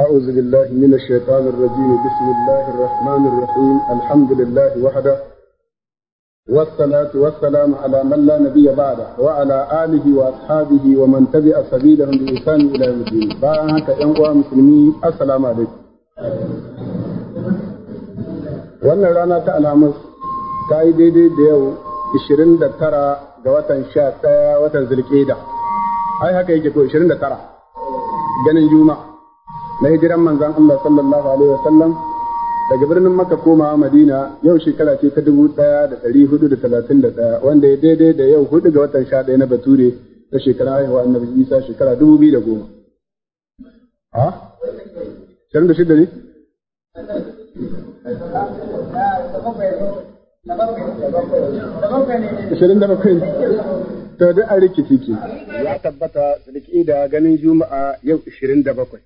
أعوذ بالله من الشيطان الرجيم بسم الله الرحمن الرحيم الحمد لله وحده والصلاة والسلام على من لا نبي بعده وعلى آله وأصحابه ومن تبع سبيلهم بإحسان إلى يوم الدين باهك يا مسلمين السلام عليكم wannan rana ta alamus ta yi daidai da yau 29 ga watan 11 watan zulkeda ai haka yake to 29 ganin juma'a na hijiran manzan Allah sallallahu alaihi wasallam daga birnin Makka komawa Madina yau shekara ce ta dubu ɗaya da ɗari hudu da talatin da ɗaya wanda ya daidai da yau hudu ga watan sha na Bature ta shekara haihuwa annabi Isa shekara dubu biyu da goma. A? da shida ne? Ashirin da bakwai ne. To duk a rikici ke. Ya tabbata da ganin Juma'a yau ashirin da bakwai.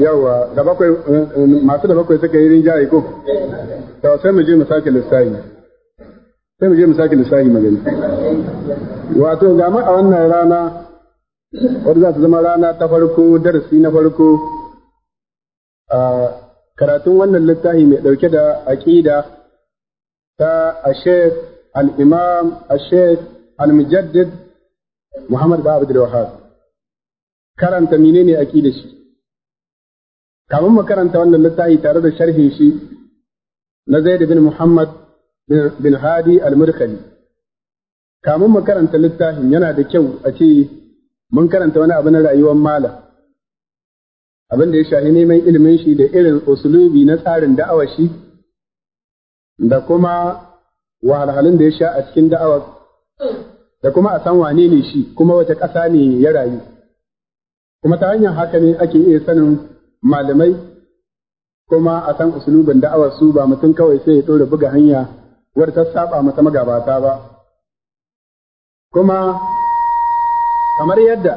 yawwa da bakwai eh, eh, masu da bakwai suka yi rinjaye ko to sai mu je mu sake lissafi sai mu je mu sake lissafi magani wato ga a wannan rana wadda za ta zama rana ta farko darasi na farko a karatun wannan littafi mai dauke da aqida ta ashe al-imam ashek al-mujaddid muhammad ba abdul wahab karanta menene aqidar shi kamun mu karanta wannan littafi tare da sharhin shi na Zaid bin Muhammad bin Hadi al-Murkali kamun mu karanta littafin yana da kyau a ce mun karanta wani abu na rayuwar malam abin da ya shafi neman ilimin shi da irin usulubi na tsarin da'awa shi da kuma wahalhalun da ya sha a cikin da'awar da kuma a san wane ne shi kuma wata ƙasa ne ya rayu kuma ta hanyar haka ne ake iya sanin malamai kuma a san usulubin da'awar su ba mutum kawai sai ya ɗora buga hanya wadda ta saba mata magabata ba kuma kamar yadda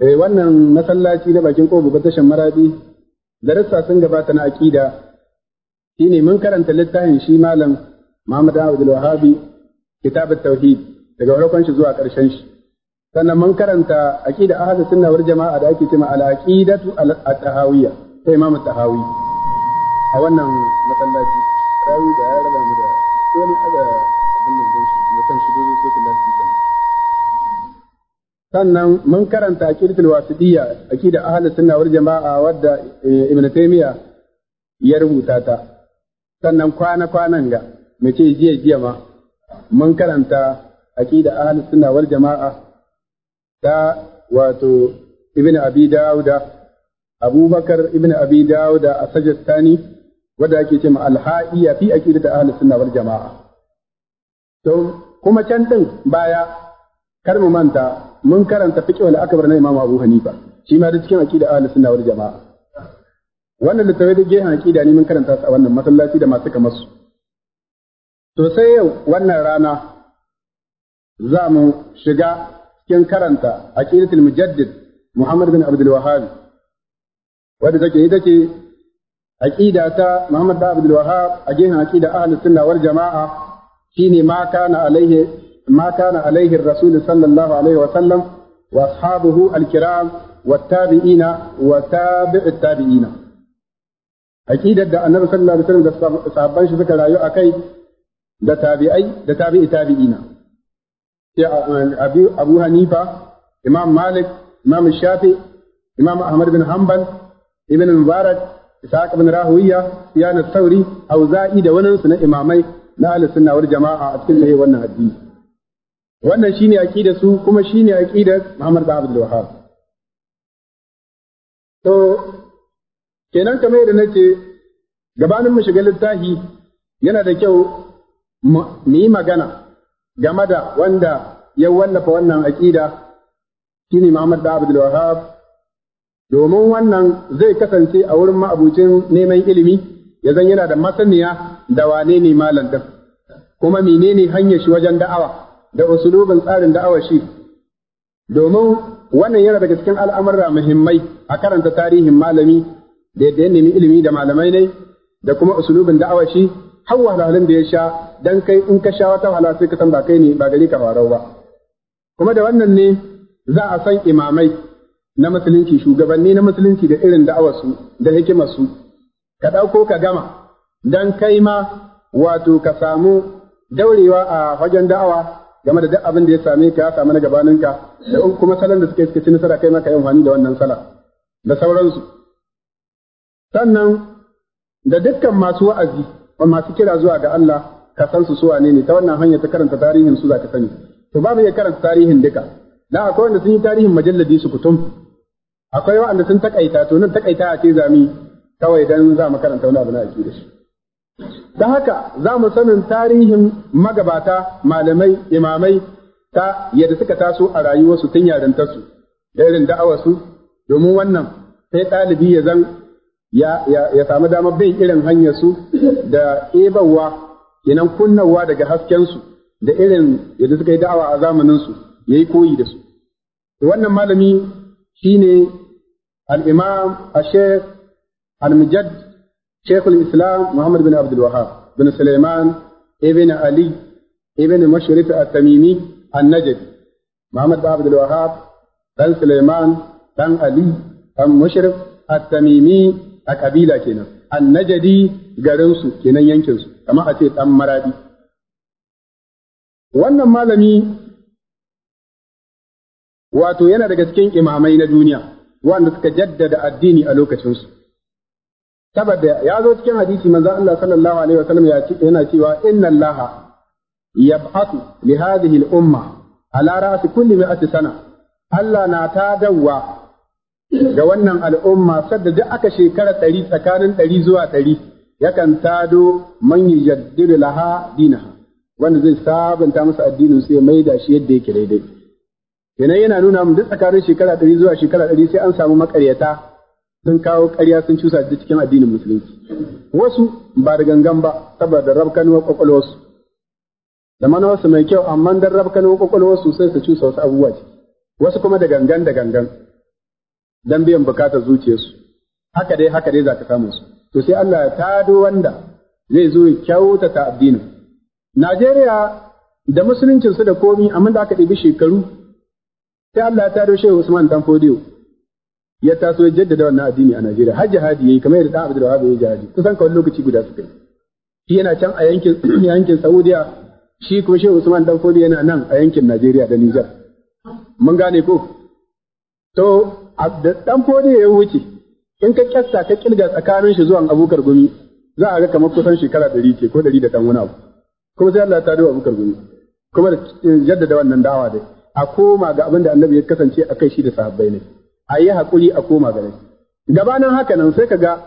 eh wannan masallaci na bakin kogo ba tashin maradi darussa sun gabata na aƙida. aqida ne mun karanta littafin shi malam Muhammad Abdul Wahabi kitab tauhid daga farkon shi zuwa ƙarshen shi sannan mun karanta aqida ahlus sunna wal jama'a da ake cewa al aqidatu al tahawiyya sai imam tahawi a wannan masallaci rawi da ya rabu mu da wani ada abin nan din shi ne kan shigo sai ta lafi sannan mun karanta aqidatul wasidiyya aqida ahlus sunna wal jama'a wadda eh, ibn taymiya ya rubuta ta sannan kwana kwanan ga mace jiya jiya ma mun karanta aqida ahlus sunna wal jama'a da wato ibn abi dauda abubakar ibn abi dauda a sajastani wanda ake ce ma alha'iya fi aqidat ahli sunna wal jama'a to kuma can din baya kar mu manta mun karanta fiqh wal akbar na imam abu hanifa shi ma da cikin aqida ahli sunna wal jama'a wannan littafai da gehen aqida ne mun karanta su a wannan masallaci da masu kamar su to sai yau wannan rana za mu shiga kin karanta aqidatul mujaddid Muhammad bin Abdul Wahhab wanda take ita ce aqida ta Muhammad bin Abdul Wahhab a gehen aqida ahlus sunna wal jamaa shine ma kana alaihi ما كان عليه الرسول صلى الله عليه وسلم wa الكرام والتابعين وتابع التابعين أكيد أن النبي صلى الله عليه وسلم صحابان شفك لا يؤكي da tabi'ai da tabi'i tabi'ina Eh, Abu Hanifa, Imam Malik, Imam Shafi, Imam Ahmad bin Hanbal, Ibn Mubarak, Ishaq bin Rahuwiya, Siyana Sauri, Auza'i da wani na imamai na Ahlus Sunna Jama'a a cikin sahihin wannan addini. Wannan ƙi da su kuma ƙi da Muhammad bin Abdul Wahhab. To kenan kamar yadda nace gabanin mu shiga littafi yana da kyau mu yi magana game da wanda ya wallafa wannan aƙida ne Muhammad da Abdul Wahab, domin wannan zai kasance a wurin ma'abucin neman ilimi ya zan yana da masaniya da wane ne malam kuma mene ne hanyar shi wajen da'awa da usulubin tsarin da'awa shi domin wannan yana daga cikin al'amurra muhimmai a karanta tarihin malami da yadda ya nemi ilimi da malamai ne da kuma usulubin da'awa shi na halin da ya sha dan kai in ka sha wata wahala sai ka san ba kai ne ba gari ka fara ba kuma da wannan ne za a san imamai na musulunci shugabanni na musulunci da irin da'awarsu da hikimarsu ka ɗauko ka gama dan kai ma wato ka samu daurewa a wajen da'awa game da duk abin da ya same ka ya samu na gabaninka da kuma salon da suka suka ci nasara kai ma ka yi amfani da wannan sala da sauransu sannan da dukkan masu wa'azi ba masu kira zuwa ga Allah ka san su suwa ne ta wannan hanya ta karanta tarihin su zaka sani to babu ya karanta tarihin duka na akwai wanda sun yi tarihin majalladi su kutum akwai wanda sun takaita to nan takaita a ce zami kawai dan za mu karanta wani abu na aiki da shi dan haka za mu sanin tarihin magabata malamai imamai ta yadda suka taso a rayuwarsu tun yarintarsu da irin da'awarsu domin wannan sai ɗalibi ya zan ya ya samu damar bin irin hanyar su da ɗebawa kenan kunnawa daga haskensu da irin yadda suka yi da'awa a zamaninsu su yi koyi da su wannan malami shi ne al’imam a al mujad shaykh islam muhammad bin abdul Wahab bin Suleiman, ibn ali ibn mashrif al tamimi an muhammad bin abdul Wahab dan Suleiman, dan ali dan mashrif al tamimi a kabila kenan annajadi garin su kenan yankinsu, kama a ce ɗan maradi wannan malami wato yana daga cikin imamai na duniya wanda suka jaddada addini a lokacinsu. su saboda ya zo cikin hadisi manzo Allah sallallahu alaihi wasallam ya ce yana cewa inna Allah yab'athu li hadhihi al-umma ala ra'si kulli mi'ati sana Allah na ta dawwa ga wannan al'umma sadda duk aka shekara ɗari tsakanin ɗari zuwa ɗari yakan tado man yaddiri laha dina. wanda zai sabunta musu addinin su ya maida shi yadda yake daidai kenan yana nuna mu duk tsakanin shekara ɗari zuwa shekara ɗari sai an samu makaryata sun kawo ƙarya sun cusa da cikin addinin musulunci wasu ba da gangan ba saboda rabkanuwar ƙwaƙwalwarsu. da mana wasu mai kyau amma dan rabkanuwar ƙwaƙwalwarsu sai su cusa wasu abubuwa wasu kuma da gangan da gangan dan biyan bukatar zuciyarsu haka dai haka dai za ka samu su to sai Allah ya tado wanda zai zo ya kyautata addinin Najeriya da musuluncin su da komi amma da aka dibi shekaru sai Allah ya tado Shehu Usman dan Fodiyo ya taso ya jaddada wannan addini a Najeriya Haji Hadi yayi kamar yadda Abdul Wahab ya jihadi kusan kawai lokaci guda suka yi shi yana can a yankin yankin Saudiya shi kuma Shehu Usman dan Fodiyo yana nan a yankin Najeriya da Niger mun gane ko to da ko fodi ya wuce in ka kyasta ka kirga tsakanin shi zuwa abukar gumi za a ga kamar kusan shekara ɗari ce ko ɗari da ɗan wani abu kuma sai Allah ta duba abukar gumi kuma yadda da wannan dawa dai a koma ga abin da annabi ya kasance a kai shi da sahabbai ne a yi haƙuri a koma ga gabanin haka nan sai ka ga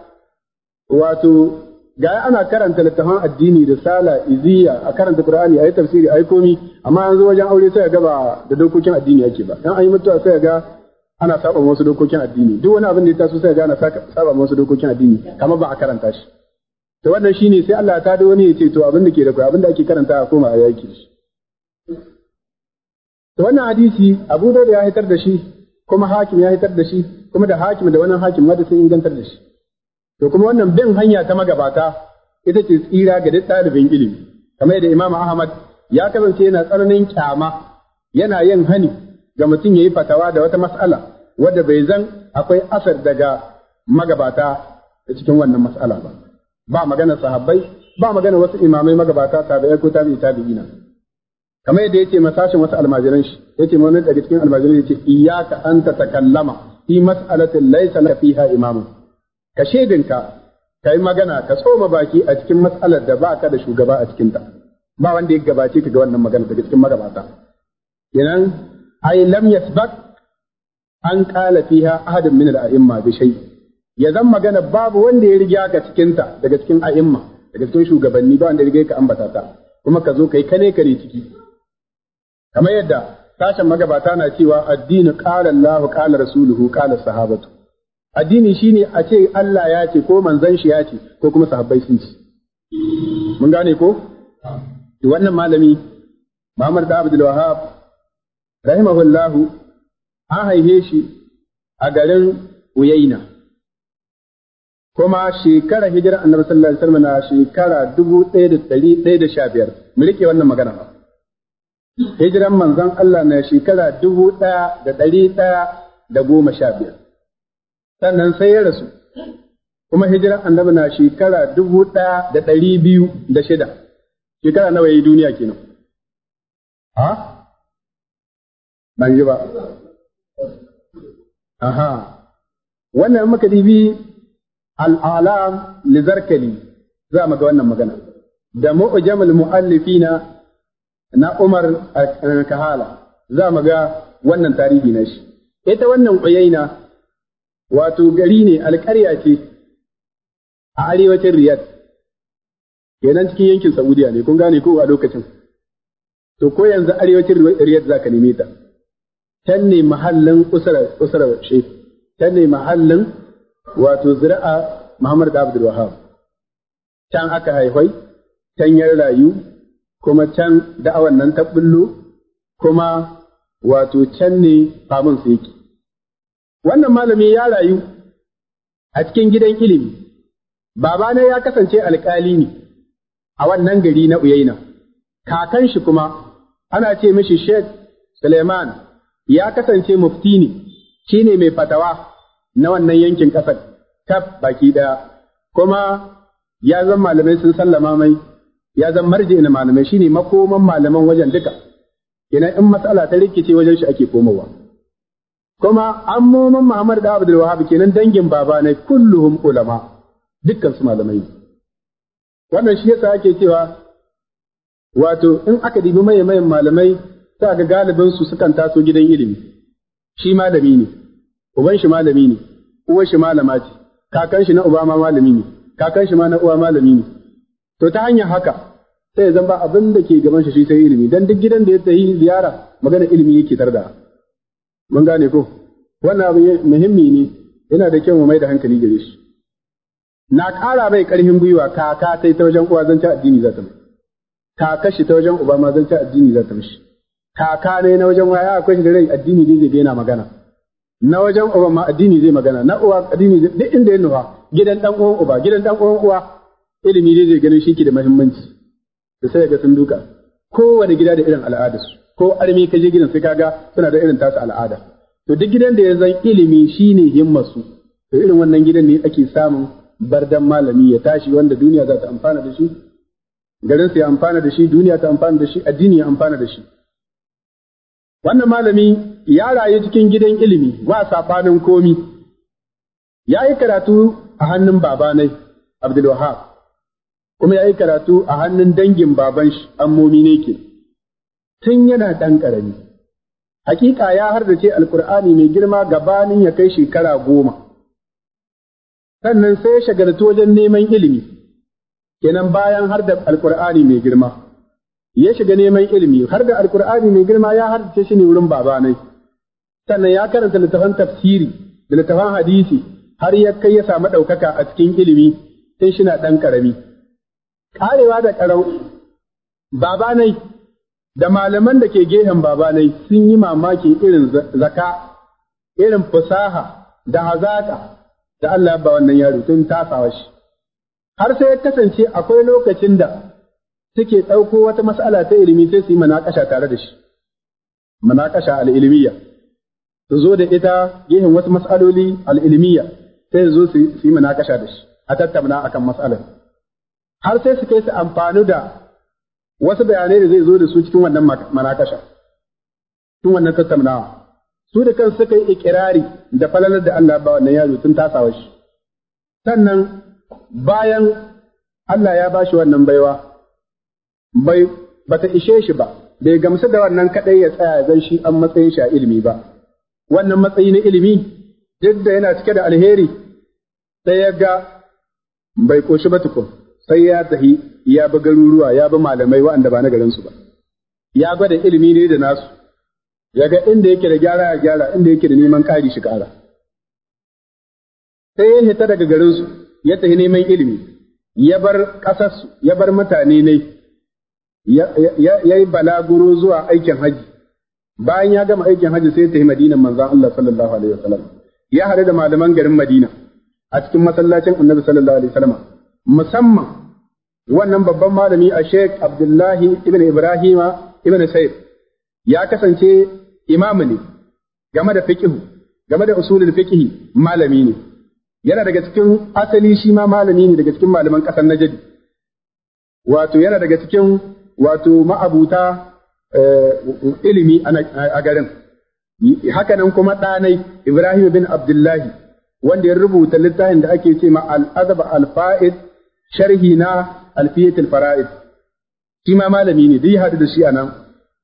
wato ga ana karanta littafan addini da sala iziya a karanta qur'ani a yi tafsiri a yi komi amma yanzu wajen aure sai ga ba da dokokin addini yake ba dan an yi mutuwa sai ga ana saba wasu dokokin addini duk wani abin da ya taso sai ga ana saba wasu dokokin addini kamar ba a karanta shi to wannan shine sai Allah ta da wani ya ce to abin da ke da kai abin da ake karanta a koma a yaki shi to wannan hadisi Abu Dawud ya hitar da shi kuma Hakim ya hitar da shi kuma da Hakim da wannan Hakim ma da sun ingantar da shi to kuma wannan bin hanya ta magabata ita ce tsira ga duk ɗalibin ilimi kamar yadda Imam Ahmad ya kasance yana tsananin kyama yana yin hani ga mutum ya yi fatawa da wata mas'ala wadda bai zan akwai asar daga magabata da cikin wannan mas'ala ba ba magana sahabbai ba magana wasu imamai magabata tabi'ai ko tabi'i tabi'ina kamar yadda yake masashin wasu almajiran shi yake wani daga cikin almajiran yake iyyaka an tatakallama fi mas'alatin laysa laka fiha imamun ka shedinka kai magana ka tsoma baki a cikin mas'alar da baka da shugaba a cikinta. ba wanda ya gabace ka ga wannan magana daga cikin magabata Idan ai lam yasbak an qala fiha hadin min al-a'imma bi shay ya zan magana babu wanda ya riga ka cikin daga cikin a'imma daga cikin shugabanni ba wanda ya riga ka ambata ta kuma ka zo kai kane kare ciki kamar yadda sashen magabata na cewa addini qala Allahu qala rasuluhu qala sahabatu addini shine a ce Allah ya ce ko manzon shi ya ce ko kuma sahabbai sun ce mun gane ko wannan malami Muhammad da Abdul Wahhab rahimahullahu an haife shi a garin Uyaina. Kuma shekara hijira annabi sallallahu alaihi wasallam na shekara dubu ɗaya da ɗari ɗaya da sha biyar. Mu riƙe wannan magana ba. Hijiran manzon Allah na shekara dubu ɗaya da ɗari ɗaya da goma sha biyar. Sannan sai ya rasu. Kuma hijiran annabi na shekara dubu ɗaya da ɗari biyu da shida. Shekara nawa ya yi duniya kenan? Ha? Ban ji ba. Aha, wannan muka dibi al'alam zarkali za mu ga wannan magana, da mu'jamul mu'allifina na Umar Kahala za mu ga wannan tarihi na shi. Ita wannan ƙuyaina wato gari ne alƙarya ce a arewacin Riyadh, kenan cikin yankin Saudiya ne, kun gane ko a lokacin. To ko yanzu arewacin Riyadh za ka neme ta. Tanne ne mahallin usurar ce, can mahallin wato zira'a Muhammad da Abdul Wahab. Can aka haihwai, can yar rayu, kuma can da'awan nan ta bullo, kuma wato can ne famun su yake. Wannan malami ya rayu a cikin gidan ilimi, babana ya kasance alƙali ne a wannan gari na Uyaina, kakan shi kuma ana ce mishi Sheikh Suleiman ya kasance mufti ne shine mai fatawa na wannan yankin ƙasar tab baki ɗaya kuma ya zan malamai sun sallama mai ya zan marje na malamai shine makoman malaman wajen duka ina in matsala ta rikice wajen shi ake komowa kuma an moman Muhammad da Abdul kenan dangin baba ne kulluhum ulama dukkan su malamai wannan shi yasa ake cewa wato in aka dibi mayan malamai sai ga galibin su sukan taso gidan ilimi shi malami ne uban shi malami ne uwar shi malama ce kakan shi na uba ma malami ne kakan shi ma na uwa malami ne to ta hanyar haka sai zan ba abin da ke gaban shi shi sai ilimi dan duk gidan da ya yi ziyara magana ilimi yake tarda mun gane ko wannan abu muhimmi ne yana da kyau mu mai da hankali gare shi na ƙara bai ƙarfin gwiwa kaka sai ta wajen uwa zan ci addini za ta mai kaka shi ta wajen uba ma zan ci addini za ta mai kaka ne na wajen waya akwai shi da rai addini ne zai yana magana na wajen uba ma addini zai magana na uwa addini duk inda yin nufa gidan dan uwan uba gidan dan uwan uwa ilimi zai ganin shi ke da muhimmanci da sai ga sun duka kowane gida da irin al'adarsu ko armi ka je gidan sai kaga suna da irin tasu al'ada to duk gidan da ya zan ilimi shine himmarsu to irin wannan gidan ne ake samun bardan malami ya tashi wanda duniya za ta amfana da shi garin su ya amfana da shi duniya ta amfana da shi addini ya amfana da shi Wannan malami ya rayu cikin gidan ilimi ba safanin komi, ya yi karatu a hannun babanai, Abdulwahab, kuma ya yi karatu a hannun dangin baban shi, ammomi ne ke, tun yana ɗan ƙarami. Hakika ya hardace alkur'ani mai girma gabanin ya kai shekara goma. Sannan sai ya shagartu wajen neman ilimi, kenan bayan har da Alƙur'ani mai girma. ya shiga neman ilimi har da alkur'ani mai girma ya harce shi ne wurin babanai sannan ya karanta littafan tafsiri da littafan hadisi har ya kai ya samu ɗaukaka a cikin ilimi tun shi na ɗan ƙarami ƙarewa da ƙarau babanai da malaman da ke gehen babanai sun yi mamakin irin zaka irin fasaha da hazaka, da Allah ba wannan yaro tun tafawa shi har sai ya kasance akwai lokacin da suke ɗauko wata mas'ala ta ilimi sai su yi manakasha tare da shi manakasha al-ilmiya su zo da ita gehen wasu mas'aloli al-ilmiya sai su zo su yi manakasha da shi a tattauna akan mas'alar har sai su kai su amfani da wasu bayanai da zai zo da su cikin wannan manakasha cikin wannan tattaunawa su da kansu suka yi ikirari da falalar da Allah ba wannan yaro tun tasawa shi sannan bayan Allah ya bashi wannan baiwa bai bata ishe shi ba bai gamsu da wannan kadai ya tsaya zan shi an matsayin shi a ilimi ba wannan matsayi na ilimi duk da yana cike da alheri sai ya ga bai koshi ba tukun sai ya tahi ya bi garuruwa ya bi malamai waɗanda ba na garinsu ba ya gwada ilimi ne da nasu ya ga inda yake da gyara ya gyara inda yake da neman kari shi kara sai ya hita daga garinsu ya tahi neman ilimi ya bar ya bar mutane ne ya yi balaguro zuwa aikin haji bayan ya gama aikin haji sai ya tafi Madina manzon Allah sallallahu alaihi wasallam ya haɗu da malaman garin Madina a cikin masallacin Annabi sallallahu alaihi wasallam musamman wannan babban malami a Sheikh Abdullahi ibn Ibrahima ibn Sayyid ya kasance imamu ne game da fiqh game da usulul fiqh malami ne yana daga cikin asali shi ma malami ne daga cikin malaman ƙasar Najd wato yana daga cikin wato ma'abuta eh, ilimi a garin. Hakanan kuma ɗanai Ibrahim bin Abdullahi wanda ya rubuta littafin da ake ce ma al'azab al-fa'id sharhi na alfiyatul fara'id shi ma malami ne zai hadu da shi a nan?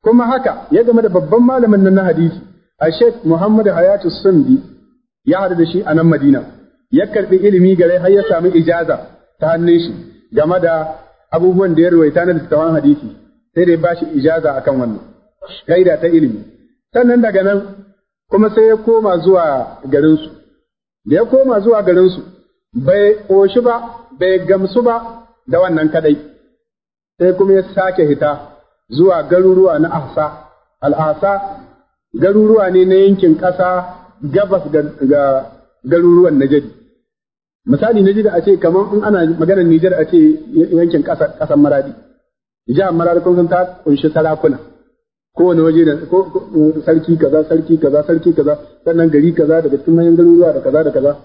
kuma haka ya game da babban malamin nan na hadisi a Sheikh muhammadu Hayatu Sundi ya hadu da shi a nan Madina ya karɓi ilimi gare har ya sami ijaza ta hannun shi game da abubuwan da ya ruwaita na littattafan hadisi sai da ya bashi ijaza akan wannan gaida ta ilimi sannan daga nan kuma sai ya koma zuwa garinsu da ya koma zuwa garinsu bai koshi ba bai gamsu ba da wannan kadai sai kuma ya sake hita zuwa garuruwa na ahsa al'asa garuruwa ne na yankin ƙasa gabas ga garuruwan najadi misali na jira a ce kamar in ana magana Nijar a ce yankin ƙasar Maradi jihar Maradi kun san ta kunshi sarakuna kowane waje da sarki kaza sarki kaza sarki kaza sannan gari kaza daga cikin manyan garuruwa da kaza da kaza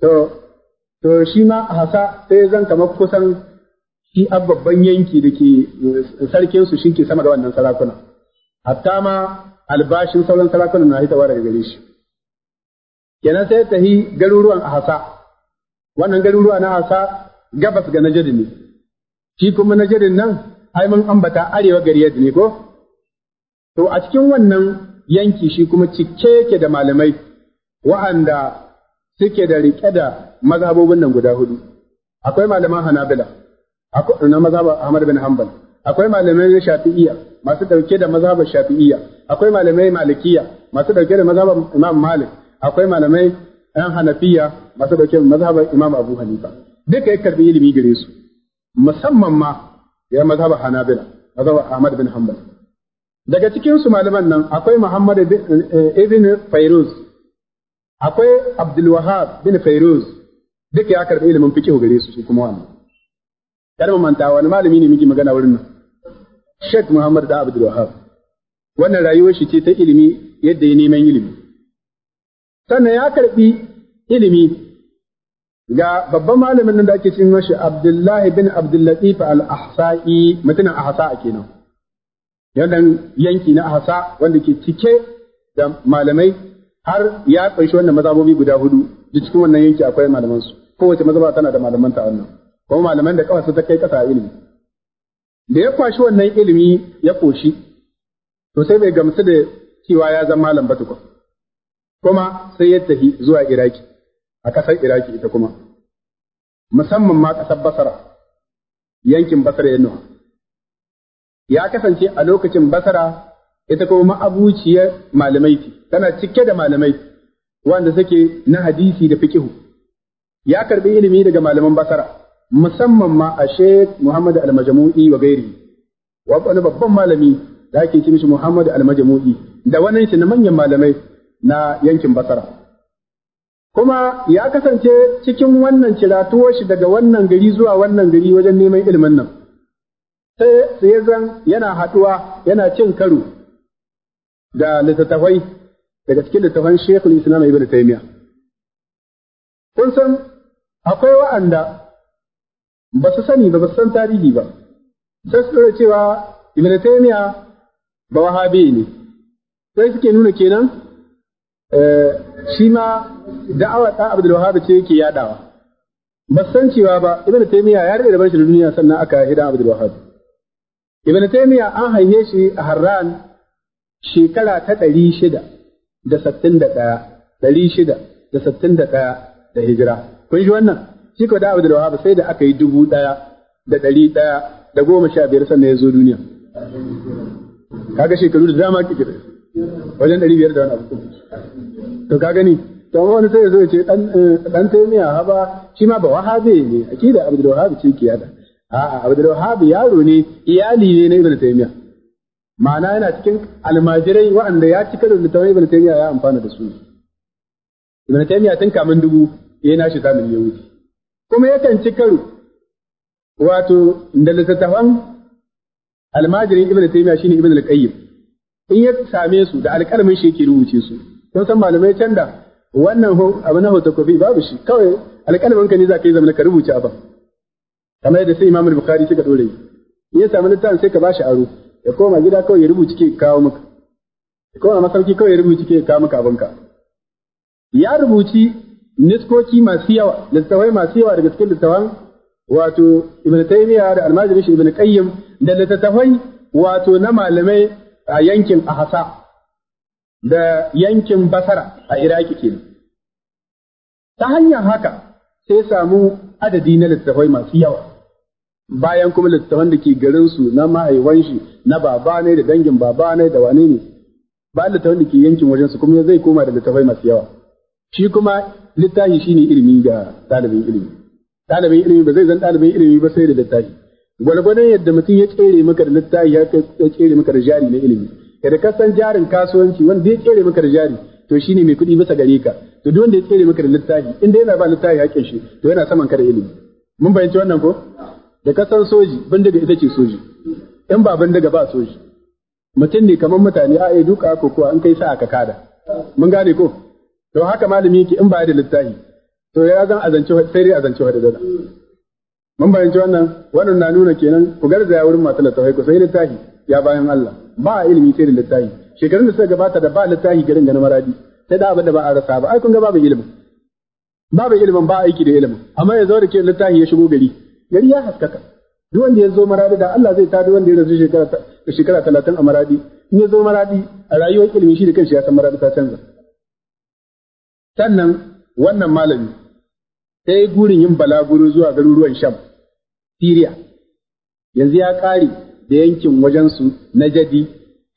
to to shi ma a hasa sai zan kamar kusan shi a babban yanki da ke eh, sarkin su shi ke sama da wannan sarakuna hatta ma albashin sauran sarakuna na hitawa daga gare shi kenan sai ta yi garuruwan a hasa wannan garuruwa na hausa gabas ga najadi ne shi kuma najadin nan ai mun ambata arewa gari yadda ne ko to a cikin wannan yanki shi kuma cike yake da malamai wa'anda suke da riƙe da mazhabobin nan guda hudu akwai malaman hanabila akwai na mazhabar ahmad bin hanbal akwai malamai na shafi'iyya masu ɗauke da mazhabar shafi'iyya akwai malamai malikiya masu ɗauke da mazhabar imam malik akwai malamai ɗan hanafiya masu ɗauke mazhabar imam abu hanifa duka ya karɓi ilimi gare su musamman ma ya mazhabar hanabila mazhabar ahmad bin hanbal daga cikin su malaman nan akwai muhammad eh, ibn fairuz akwai abdul wahab bin fairuz duka ya karɓi ilimin fiqh gare su kuma wannan kar mu manta wani malami ne miki magana wurin nan Sheikh Muhammad da Abdul Wahab wannan rayuwar shi ce ta ilimi yadda ya neman ilimi sannan ya karɓi. ilimi ga babban malamin nan da ake cin mashi Abdullahi bin Abdullatif al-Ahsa'i mutumin Ahsa kenan yannan yanki na Ahsa wanda ke cike da malamai har ya kunshi wannan mazabobi guda hudu duk cikin wannan yanki akwai malaman su kowace mazaba tana da malaman ta wannan kuma malaman da kawai ta kai kasa ilimi da ya kwashi wannan ilimi ya koshi to sai bai gamsu da cewa ya zama malam ba tukun kuma sai ya tafi zuwa Iraki a ƙasar Iraki ita kuma, musamman ma ƙasar basara, yankin basara ya nuwa. Ya kasance a lokacin basara ita kuma ma'abuciyar malamai ce, tana cike da malamai wanda suke na hadisi da fikihu. Ya karɓi ilimi daga malaman basara, musamman ma a Sheikh Muhammad al wa gairi, wani babban malami da ake ce mishi Muhammad al da wani shi na manyan malamai na yankin basara. kuma ya kasance cikin wannan ciratuwar shi daga wannan gari zuwa wannan gari wajen neman ilimin nan sai sai zan yana haɗuwa yana cin karo da littattafai daga cikin littattafan Sheikhul Islam Ibn Taymiyyah kun san akwai wa'anda ba su sani ba ba su san tarihi ba sai su cewa Ibn Taymiyyah ba wahabi ne sai suke nuna kenan Eh, shi ma da'awar ɗan Abdul Wahhab ce yake yadawa ba san cewa ba Ibn Taymiyyah ya rike da da duniya sannan aka haifi ɗan Abdul Wahhab Ibn Taymiyyah an haife shi a Harran shekara ta ɗari shida da sattin da ɗaya ɗari shida da sattin da ɗaya da hijira kun ji wannan shi ko da Abdul Wahhab sai da aka yi dubu ɗaya da ɗari ɗaya da goma sha biyar sannan ya zo duniya kaga shekaru da dama kike wajen ɗari biyar da wani abu to ka gani to wani sai ya zo ce dan eh, taimiya ha ba, shi ma ba wahabi ne da abdul wahhab ce ke yada a'a abdul wahhab yaro ne iyali ne na ibnu taimiya ma'ana yana cikin almajirai waɗanda ya cika da littafin ibnu taimiya ya amfana da su ibnu taimiya tun kamin dubu ya yi nashi samun ya kuma yakan ci karo wato da littattafan almajirin ibnu taymiya shi ne al-qayyim in ya same su da alƙalmin shi yake rubuce su sun san malamai can da wannan abu na hoto kofi babu shi kawai alƙalmin ka ne za ka yi zama ka rubuce abin kamar yadda sai imamul bukhari suka dore in ya samu littafin sai ka bashi aro ya koma gida kawai ya rubuce ke kawo maka ya koma masauki kawai ya rubuce ke kawo maka abinka ya rubuci niskoki masu yawa littafai masu yawa daga cikin littafan wato ibn taymiya da almajirin shi ibn qayyim da littattafai wato na malamai a yankin ahasa da yankin Basara a Iraki ne. Ta hanyar haka sai samu adadi na littattafai masu yawa. Bayan kuma littattafan da ke garinsu na mahaifan shi, na baba ne da dangin baba ne da wane ne, bayan littattafan da ke yankin wajensu kuma zai koma da littattafai masu yawa. Shi kuma littafi shi ne ilimi ga ɗalibin ilimi. Ɗalibin ilimi ba zai zan ɗalibin ilimi ba sai da littafi. Gwargwadon yadda mutum ya tsere maka da littafi ya tsere maka da jari na ilimi. kada ka san jarin kasuwanci wanda ya tsere maka da jari to shine mai kuɗi bisa gare ka to duk wanda ya tsere maka da littafi inda yana ba littafi hakkin shi to yana saman ka da ilimi mun bayyance wannan ko da ka san soji bindiga ita ce soji in ba bindiga ba soji mutum ne kamar mutane a eh, duka ko kuwa in kai sa aka kada mun gane ko to haka malami yake in ba da littafi to ya zan azance sai dai azance wa da dana mun bayyance wannan wannan na nuna kenan ku garzaya wurin masu littafi ku sai littafi ya bayan Allah ba ilimi sai da littafi shekarun da suka gabata da ba littafi garin ganin maradi sai da abin da ba a rasa ba ai kun ga babu ilimin babu ilimin ba aiki da ilimin amma ya zo da ke littafi ya shigo gari gari ya haskaka duk wanda ya zo maradi da Allah zai tada wanda ya rasu shekara shekara 30 a maradi in ya zo maradi a rayuwar ilimi shi da kanshi ya san maradi ta canza sannan wannan malami sai gurin yin balaguro zuwa garuruwan Sham Syria yanzu ya kare da yankin wajensu najadi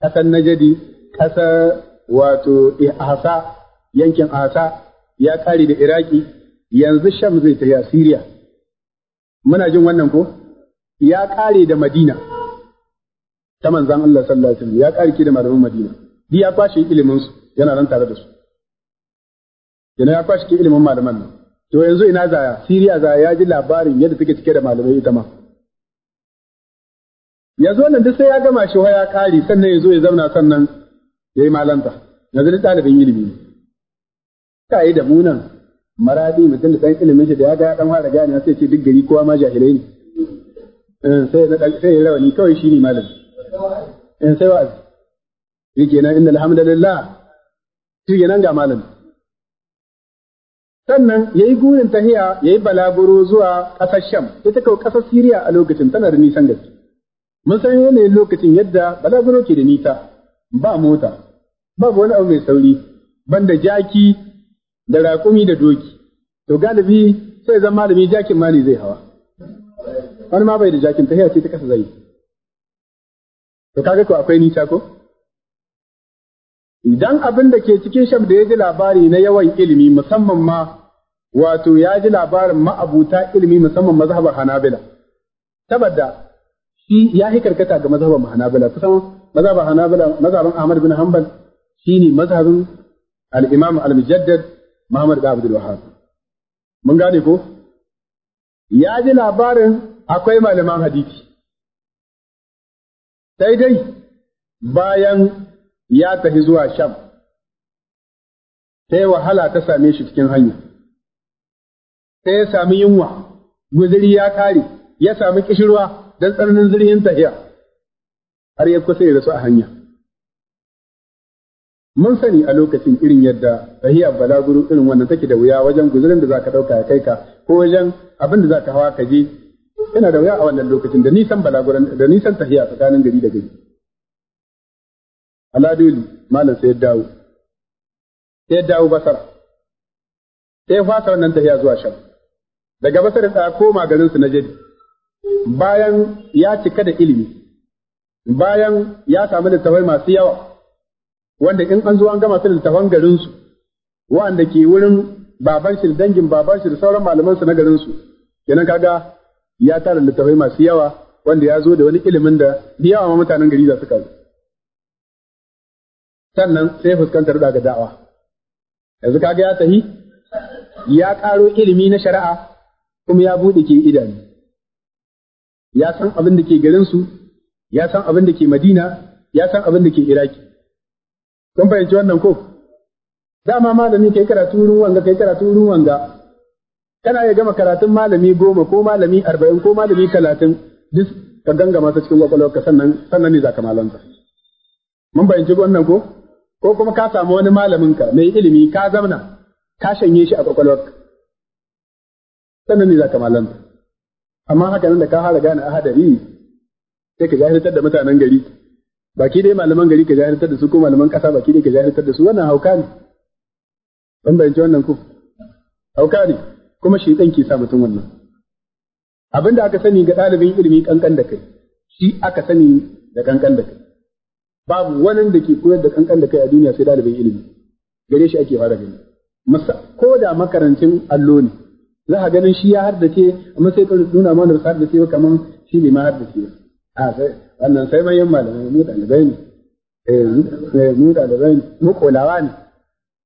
ƙasar jadi, ƙasar wato ahasa yankin ahasa ya ƙare da iraki yanzu sham zai tafi Siriya. muna jin wannan ko ya ƙare da madina ta manzan Allah sallallahu alaihi ya ƙare ke da malaman madina duk ya kwashe iliminsu yana nan tare da su yana ya kwashe ilimin malaman nan to yanzu ina zaya siriya zaya ya ji labarin yadda take cike da malamai ita ma ya zo nan duk sai ya gama shi ya kare sannan ya zo ya zauna sannan ya yi malanta yanzu duk ɗalibin ilimi ne ka yi da munan maradi mutum da ɗan ilimin shi da ya ga ya ɗan fara gane sai ce duk gari kowa ma jahilai ne eh, sai ya rawani kawai shi ne malam. in eh, sai wa'azi shi kenan inna alhamdulillah shi kenan ga malam. sannan ya yi gurin tahiya ya yi balaguro zuwa ƙasar sham ita kawai ƙasar siriya a lokacin tana da nisan gaske mun san yanayin lokacin yadda balaguro ke da nisa ba mota ba wani abu mai sauri banda jaki da raƙumi da doki to galibi sai zan malami jakin ne zai hawa wani ma bai da jakin ta ce ta kasa zai to kaga ko akwai nisa ko idan abin da ke cikin shaf da ya ji labari na yawan ilimi musamman ma wato ya ji labarin ma'abuta ilimi musamman mazhabar Hanabila tabadda shi ya yi karkata ga mazhaban Hanabila kusan mazhaban Hanabila mazhaban Ahmad bin Hanbal shine mazhabin al-Imam al mujaddid Muhammad bin Abdul Wahhab mun gane ko ya ji labarin akwai malaman hadisi sai dai bayan ya tafi zuwa Sham sai wahala ta same shi cikin hanya sai ya sami yunwa guzuri ya kare ya sami kishirwa dan tsananin zurfin tahiya har ya kusa ya rasu a hanya mun sani a lokacin irin yadda tahiya balaguro irin wannan take da wuya wajen guzurin da zaka dauka ya kai ka ko wajen abin da zaka hawa ka je yana da wuya a wannan lokacin da nisan balaguran da nisan tahiya tsakanin gari da gari aladuli malam sai ya dawo sai ya dawo basara sai ya fasa wannan tahiya zuwa sham daga basarin ta koma garin su na jadi bayan ya cika da ilimi bayan ya samu littafai masu yawa wanda in an zo an gama su littafan garinsu wanda ke wurin baban shi dangin baban shi da sauran malamansu su na garinsu kenan kaga ya tara littafai masu yawa wanda ya zo da wani ilimin da yawa ma mutanen gari za su kawo sannan sai fuskantar da ga da'awa yanzu kaga ya tahi ya karo ilimi na shari'a kuma ya buɗe ke idanu ya san abin da ke garinsu, ya san abin da ke Madina, ya san abin da ke Iraki. Kun fahimci wannan ko? Dama malami kai karatu wurin wanga, kai karatu wurin wanga, kana ya gama karatun malami goma ko malami arba'in ko malami talatin duk ka gangama ta cikin kwakwalwarka sannan sannan ne za ka malanta. Mun fahimci wannan ko? Ko kuma ka samu wani malaminka mai ilimi ka zamna ka shanye shi a kwakwalwarka. Sannan ne za ka malanta. amma haka nan da ka fara gane ahadari sai ka jahiltar da mutanen gari baki dai malaman gari ka jahiltar da su ko malaman kasa baki dai ka jahiltar da su wannan hauka ne ban bayyance wannan ku hauka ne kuma shi dan ke sa mutum wannan abin da aka sani ga ɗalibin ilimi kankan da kai shi aka sani da kankan da kai babu wani da ke koyar da kankan da kai a duniya sai ɗalibin ilimi gare shi ake fara gani masa ko da makarancin allo ne za a ganin shi ya haddace amma sai ka nuna mana da haddace ba kaman shi ne ma haddace ba a sai wannan sai manyan malamai mu dalibai ne eh mu dalibai eh, ne mu kolawa ne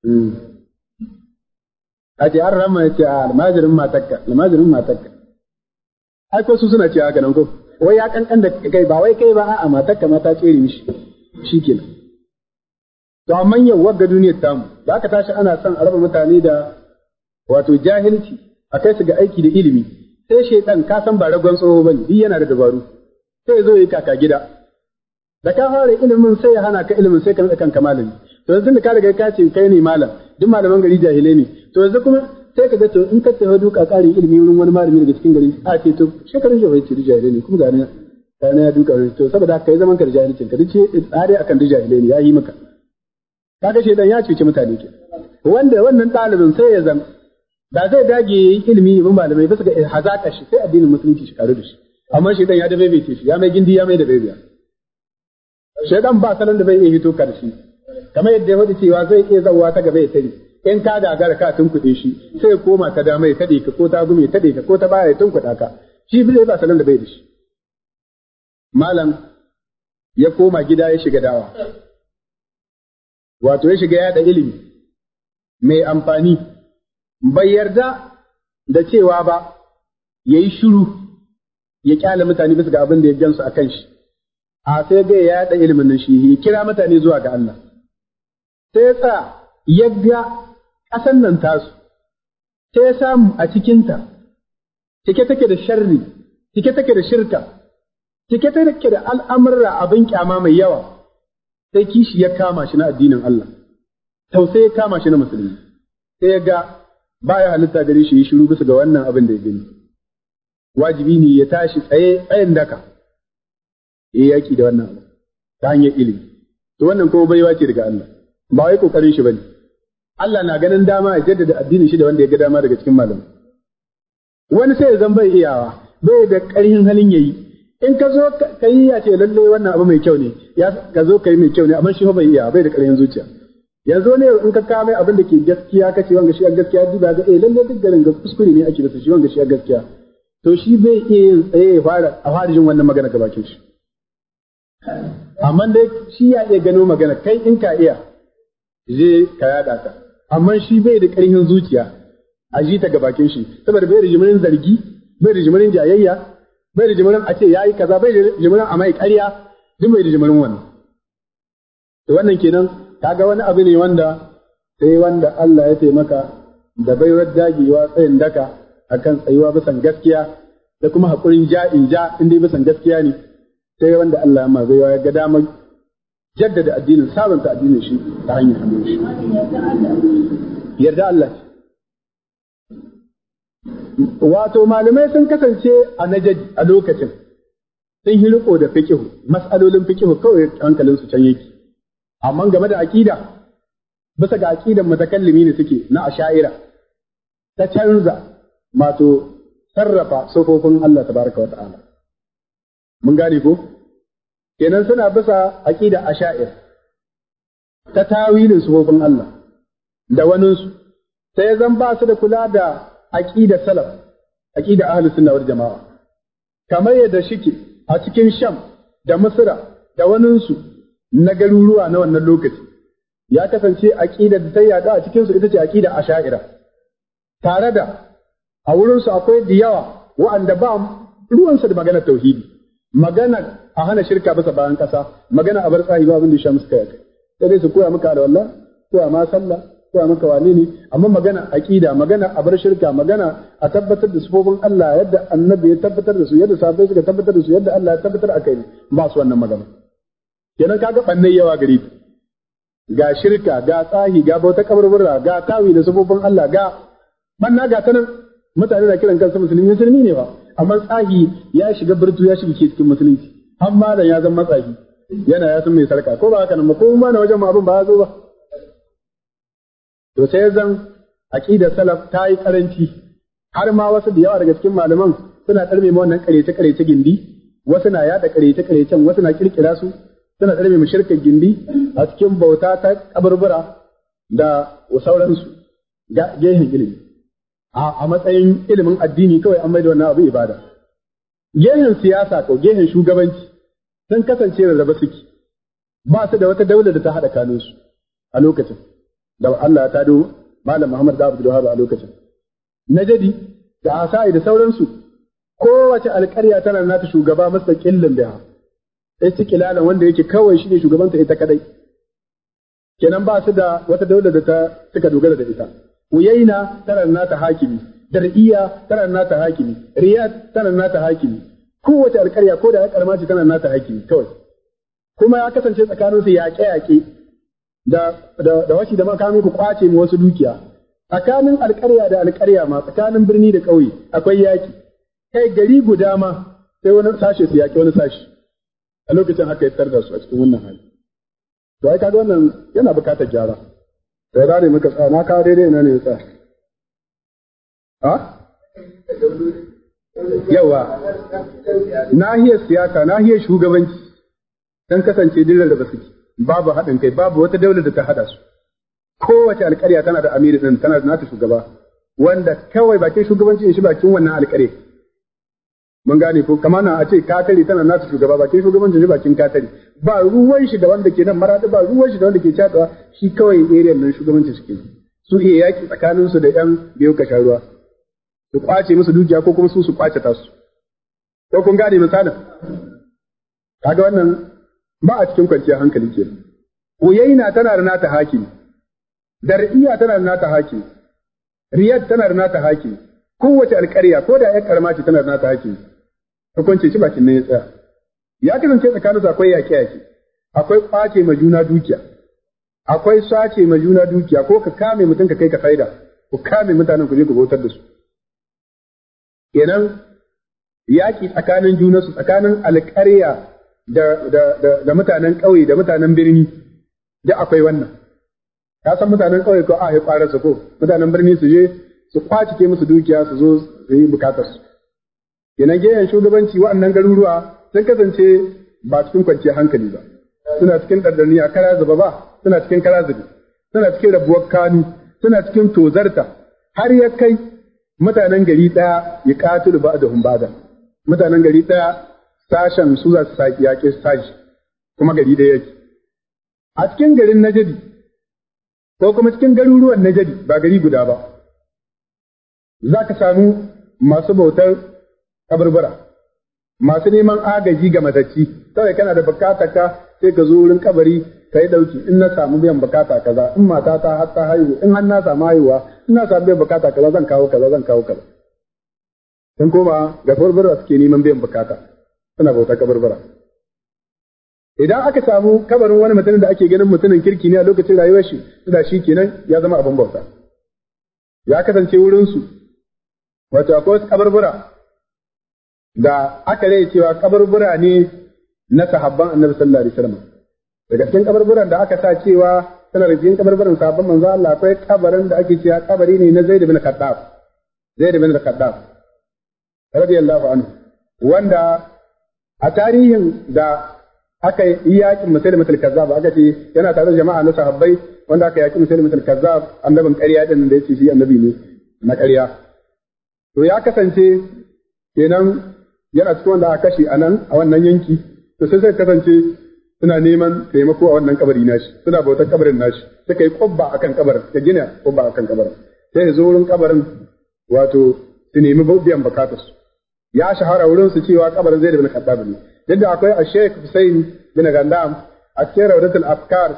hmm. a ce an ah, rama ce a almajirin matakka almajirin matakka ai ko su suna cewa haka nan ko wai ya kankan da kai ba wai kai ba a'a matakka ma ta tsere mishi shikenan to amma yau ga duniyar tamu ba ka tashi ana son a raba mutane da wato jahilci a kai su ga aiki da ilimi sai shaitan ka san ba ragon tsoho bane duk yana da dabaru sai zo yi kaka gida da ka fara ilimin sai ya hana ka ilimin sai ka nada kanka malami to yanzu da ka riga ka ce kai ne malam duk malaman gari jahilai ne to yanzu kuma sai ka ga to in ka tafi duka ƙarin ilimi wurin wani malami daga cikin gari a ce to shekarun shi ce ce jahilai ne kuma gani gani ya duka to saboda kai zaman ka da jahilcin ka dace tsare akan duk jahilai ne ya yi maka kaga shedan ya cuci mutane ke wanda wannan ɗalibin sai ya zama da zai dage yayi ilimi ibn malamai su ga hazaka shi sai addinin musulunci shi karu da shi amma shi dan ya da bebe shi ya mai gindi ya mai da shi dan ba salon da bai iya hito karshe kamar yadda ya faɗi cewa zai iya zawa ta gaba ya tare in ka gagara ka tunkuɗe shi sai koma ta dama ya taɗe ka ko ta gumi ya taɗe ka ko ta baya ya tunkuɗa ka shi bai ba salon da bai da shi malam ya koma gida ya shiga dawa wato ya shiga da ilimi mai amfani bai yarda da cewa ba ya yi shiru ya kyale mutane bisa ga abin da ya gansu a kan shi a sai ga ya yaɗa ilimin nan shi ya kira mutane zuwa ga Allah sai sa ya ga ƙasan nan tasu sai samu a cikinta cike take da sharri cike take da shirka cike take da al'amurra abin kyama mai yawa sai kishi ya kama shi na addinin Allah tausayi ya kama shi na musulmi sai ya ga baya halitta gare shi yi shiru bisa ga wannan abin da ya gani wajibi ne ya tashi tsaye tsayin daka ya yaki da wannan abu ta hanyar ilimi to wannan kuma baiwa ce daga Allah ba wai kokarin shi bane Allah na ganin dama ya jaddada addinin shi da wanda ya ga dama daga cikin malamai wani sai ya zan bai iyawa bai da ƙarfin halin yayi in ka zo ka yi ya ce lallai wannan abu mai kyau ne ya ka zo ka yi mai kyau ne amma shi ba bai iya bai da ƙarfin zuciya yanzu ne in ka kawo mai abin da ke gaskiya kace wanga shi a gaskiya duba ga eh lalle duk garin ga kuskure ne ake da shi wanga shi a gaskiya to shi bai iya yin tsaye ya fara a fara jin wannan magana ga bakin shi amma dai shi ya iya gano magana kai in ka iya je ka yada ka amma shi bai da ƙarfin zuciya a ji ta ga bakin shi saboda bai da jimirin zargi bai da jimirin jayayya bai da jimirin a ce yi kaza bai da jimirin a mai ƙarya duk bai da jimirin wannan to wannan kenan kaga wani abu ne wanda sai wanda Allah ya taimaka da baiwar dagewa tsayin daka akan tsayuwa bisan gaskiya da kuma haƙurin ja in ja in dai bisan gaskiya ne sai wanda Allah ya baiwa ya ga damar jaddada addinin sabanta addinin shi ta hanyar hannun shi yarda Allah wato malamai sun kasance a najadi a lokacin sun yi da fikihu mas'alolin fikihu kawai hankalinsu can yake amma game da aƙida bisa ga aƙidan mutakallimi ne suke na asha'ira ta canza masu sarrafa sufofin Allah tabaraka wa ta'ala mun gane ko kenan suna bisa aƙida asha'ir ta tawilin sufofin Allah da waninsu sai zan ba su da kula da aƙida salaf aƙida ahlus sunna wal jama'a kamar yadda shike a cikin sham da misra da waninsu na garuruwa na wannan lokaci ya kasance aqida da ta yada a cikin su ita ce aqida asha'ira tare da a wurin su akwai da yawa wa'anda ba ruwan su da magana tauhidi magana a hana shirka bisa bayan kasa magana a bar tsahi ba abin da sha musu kai sai dai su koya maka da wallah koya ma sallah koya maka wane ne amma magana aqida magana a bar shirka magana a tabbatar da sufofin Allah yadda annabi ya tabbatar da su yadda safai suka tabbatar da su yadda Allah ya tabbatar a ne, ba su wannan magana kenan kaga bannai yawa gari ga shirka ga tsahi ga bauta kaburbura ga tawi da sabobin Allah ga manna ga tanan mutane na kiran kansu musulmi musulmi ne ba amma tsahi ya shiga birtu ya shiga cikin musulunci har da ya zama tsahi yana ya san mai sarka ko ba haka nan ko ma na wajen abin ba ya zo ba to sai zan aqidar salaf ta yi karanci har ma wasu da yawa daga cikin malaman suna karbe ma wannan karece karece gindi wasu na yada karece karecen wasu na kirkira su suna tsarbe mu shirka gindi a cikin bauta ta kaburbura da sauransu ga gehen ilimi a matsayin ilimin addini kawai an maida wannan abu ibada gehen siyasa ko gehen shugabanci sun kasance rarraba suke ba su da wata daular da ta haɗa kanunsu a lokacin da Allah ta do Malam Muhammad da Abdul Wahab a lokacin Najadi da Asai da sauransu kowace alƙarya tana nata shugaba ya biha kilala wanda yake kawai shine shugabanta ita kadai kenan ba su da wata daula da ta suka dogara da ita uyaina tana nata hakimi dar'iya tana nata hakimi riyad tana nata hakimi kowace alƙarya ko da ya karma ce tana nata hakimi kawai kuma ya kasance tsakanin su yaƙe yaƙe da da washi da makamin ku kwace mu wasu dukiya tsakanin alƙarya da alƙarya ma tsakanin birni da ƙauye akwai yaƙi kai gari guda ma sai wani sashe su yaƙi wani sashe a lokacin haka ya da su a cikin wannan hali to ai kaga wannan yana bukatar gyara da ra ne muka tsaya na ka daidai na ne ya tsaya Ha? yawa nahiyar siyasa nahiyar shugabanci dan kasance dillar da basu babu haɗin kai babu wata daular da ta haɗa su kowace alƙarya tana da amiri din tana da nata shugaba wanda kawai bakin shugabancin shi bakin wannan alƙarya mun gane ko kamar nan a ce katari tana nasu shugaba bakin shugabancin ne bakin katari ba ruwan shi da wanda ke nan maradi ba ruwan shi da wanda ke cadawa shi kawai area nan shugabanci suke su iya yaki tsakanin su da yan biyu kashan ruwa su kwace musu dukiya ko kuma su su kwace tasu ko kun gane misalin kaga wannan ba a cikin kwanciyar hankali ke uyaina tana da nata hakimi dar'iya tana da nata hakimi riyad tana da nata hakimi kowace alƙarya ko da ya karama ce tana da nata hakimi hukunci shi bakin nan ya tsaya ya kasance tsakaninsu akwai yaƙe-yaƙe akwai ƙwace ma juna dukiya akwai sace ma juna dukiya ko ka kame mutum ka kai ka faida ku kame mutanen ku je ku bautar da su kenan yaƙi tsakanin juna su, tsakanin alƙarya da mutanen ƙauye da mutanen birni da akwai wannan ka san mutanen ƙauye ko a ya ƙwararsa, ko mutanen birni su je su ke musu dukiya su zo su yi bukatar su kenan gehen shugabanci wa'annan garuruwa sun kasance ba cikin kwanciyar hankali ba suna cikin ɗardani a kara zuba ba suna cikin kara zubi suna cikin rabuwar kanu suna cikin tozarta har ya kai mutanen gari ɗaya ya katulu ba da humbada mutanen gari ɗaya sashen su za su sa saji kuma gari ɗaya yake a cikin garin najadi ko kuma cikin garuruwan najadi ba gari guda ba za ka samu masu bautar kaburbura masu neman agaji ga matacci kawai kana da bukata ka sai ka zo wurin kabari ka yi dauki in na samu biyan bukata kaza in mata ta har ta haihu in har na samu haihuwa in na samu biyan bukata kaza zan kawo kaza zan kawo kaza sun koma ga kaburbura suke neman biyan bukata suna bauta kaburbura idan aka samu kabarin wani mutumin da ake ganin mutumin kirki ne a lokacin rayuwar shi da shi kenan ya zama abin bauta ya kasance su wato akwai wasu da aka rai cewa kaburbura ne na sahabban annabi sallallahu alaihi wasallam daga cikin kaburburan da aka sa cewa tana da cikin kaburburan sahabban manzo Allah akwai kabarin da ake cewa kabari ne na Zaid bin Khattab Zaid bin Khattab radiyallahu anhu wanda a tarihin da aka yi yakin musulmi kazzab aka ce yana tare da jama'a na sahabbai wanda aka yaki musulmi kazzab annabin ƙarya din da yake shi annabi ne na ƙarya to ya kasance kenan yana cikin wanda aka kashe a nan a wannan yanki to sai sai kasance suna neman taimako a wannan kabari nashi suna bautar kabarin nashi suka yi kubba akan kabarin suka gina kubba akan kabarin sai ya zo wurin kabarin wato su nemi biyan su. ya shahara wurin su cewa kabarin Zaid bin Khattab ne duk da akwai a Sheikh Hussein bin Gandam a cikin Rawdatul Afkar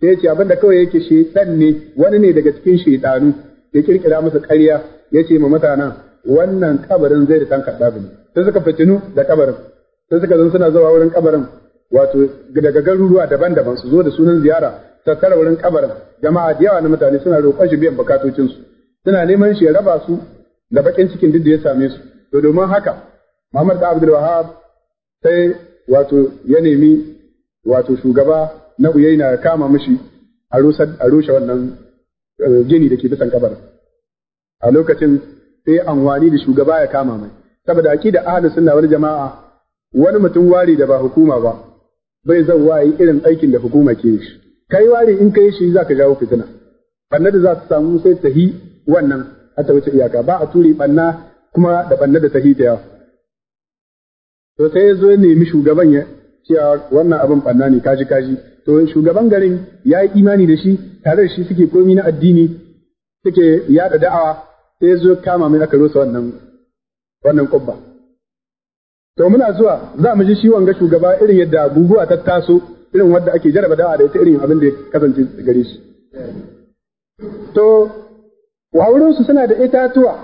sai ce abinda kawai yake dan ne wani ne daga cikin shaytanu ya kirkira masa ƙarya ya ce ma mutanen wannan kabarin Zaid dan Khattab ne sai suka fitinu da kabarin sai suka zan suna zuwa wurin kabarin wato daga garuruwa daban-daban su zo da sunan ziyara tattara wurin kabarin jama'a da yawa na mutane suna roƙon shi biyan bukatocin su suna neman shi ya raba su da bakin cikin duk da ya same su to domin haka Muhammad da Abdul Wahab sai wato ya nemi wato shugaba na Uyaina ya kama mishi a rushe wannan eh, gini da ke bisan kabarin a lokacin sai anwani da shugaba ya kama mai saboda da ahlus sunna wal jama'a wani mutum wari da ba hukuma ba bai zan wayi irin aikin da hukuma ke yi kai wari in kai shi zaka jawo fitina banna da za su samu sai ta hi wannan a ta wuce iyaka ba a turi banna kuma da banna da ta hi ta yawa to sai ya zo ya nemi shugaban ya cewa wannan abin banna ne kaji kaji to shugaban garin ya yi imani da shi tare da shi suke komi na addini suke yada da'awa sai ya zo kama mai aka rusa wannan wannan kubba to muna zuwa za mu ji shi wanga shugaba irin yadda guguwa ta taso irin wadda ake jaraba da'a da ita irin abin da ya kasance gare shi to wawurinsu suna da itatuwa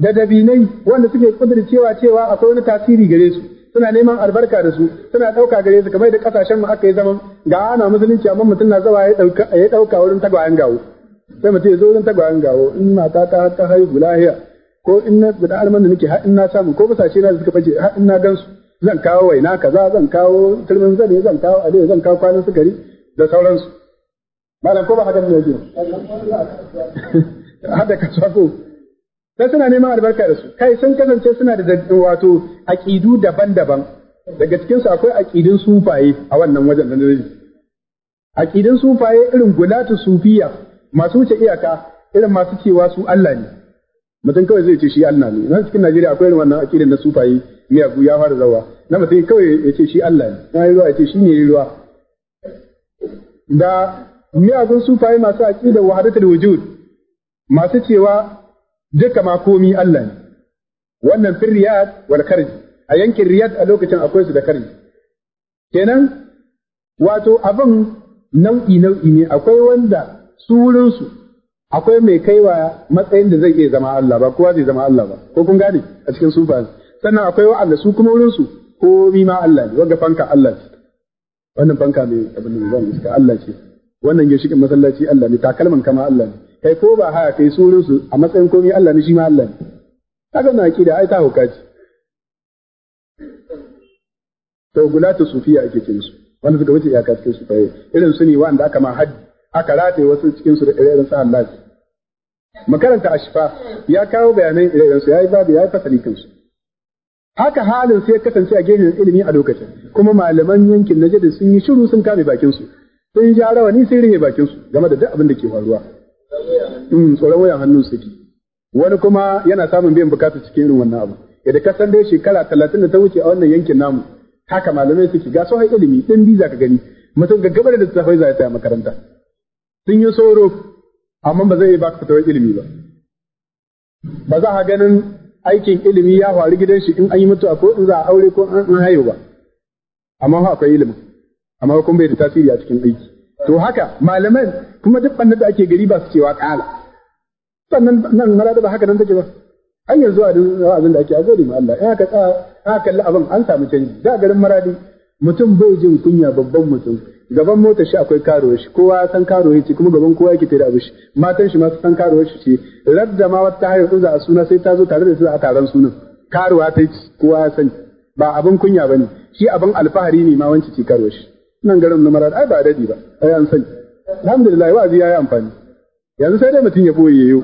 da dabinai wanda suke kudur cewa cewa akwai wani tasiri gare su suna neman albarka da su suna ɗauka gare su kamar da ƙasashen mu aka yi zaman ga ana musulunci amma mutum na zawa ya ɗauka wurin tagwayen gawo sai mutum ya zo wurin tagwayen gawo in mata ta ta haihu lahiya ko in na da alman da nake har in na samu ko sace na da suka bace har in na gansu zan kawo waina kaza zan kawo turmin zane zan kawo ale zan kawo kwanan sukari da sauransu malam ko ba hadan ne yake hada kasuwa ko sai suna neman albarka da su kai sun kasance suna da wato aqidu daban-daban daga cikin su akwai aqidin sufaye a wannan wajen da nake aqidin sufaye irin gulatu sufiya masu wuce iyaka irin masu cewa su Allah ne mutum kawai zai ce shi Allah ne nan cikin Najeriya akwai irin wannan akidar na sufayi miyagu ya fara zawa na mutum kawai ya ce shi Allah ne na ruwa ya ce shi ne ruwa da miyagun sufayi masu akidar wahadatul wujud masu cewa duka ma komi Allah ne wannan fil riyad wal karj a yankin riyad a lokacin akwai su da karj kenan wato abin nau'i nau'i ne akwai wanda su wurinsu akwai mai kaiwa matsayin da zai iya zama Allah ba kowa zai zama Allah ba ko kun gane a cikin sufa sannan akwai wa'anda su kuma wurin su komi ma Allah ne wanda fanka Allah ce wannan fanka mai abin da zan iska Allah ce wannan shiga masallaci Allah ne takalman kama Allah ne kai ko ba haya kai surin su a matsayin komi Allah ne shi ma Allah ne haka na akida ai ta hauka ce to gulatu sufiya ake cin su wanda suka wuce iyaka cikin su fayyai irin su ne wanda aka ma haddi aka rataye wasu cikin su da irin sa Allah makaranta a shifa ya kawo bayanan ire ya yi babu ya yi fasali kansu haka halin sai kasance a gefen ilimi a lokacin kuma malaman yankin na Najd sun yi shiru sun kame bakinsu, su sun ja rawani sun rike bakin su game da duk abin da ke faruwa In hmm, tsoron wayan hannun suke. wani kuma yana samun biyan bukatu cikin irin wannan abu idan ka san dai shekara talatin da ta wuce a wannan yankin namu haka malamai suke ga sauran ilimi din biza ka gani mutum gaggabar da ta za ya tsaya makaranta sun yi soro amma ba zai yi baka fitowar ilimi ba ba za a ganin aikin ilimi ya faru gidan shi in an yi mutuwa ko in za a aure ko an haihu ba amma ha akwai ilimi amma kuma bai da tasiri a cikin aiki to haka malaman kuma duk ɓannan da ake gari ba su cewa ƙala. sannan nan marada ba haka nan take ba an yanzu a abin da ake a gode ma Allah in aka tsaya aka kalli abin an samu canji da garin maradi mutum bai jin kunya babban mutum gaban motar shi akwai karo shi kowa ya san karo shi kuma gaban kowa yake tare da shi matan shi ma su san karo shi ce radda ma wata haihu za a suna sai ta zo tare da su a taron sunan karuwa ta kowa ya sani ba abin kunya bane shi abin alfahari ne ma wancin ce karo shi nan garin numara ai ba dadi ba ai an sani alhamdulillah wa'azi yi amfani yanzu sai dai mutum ya boye yayo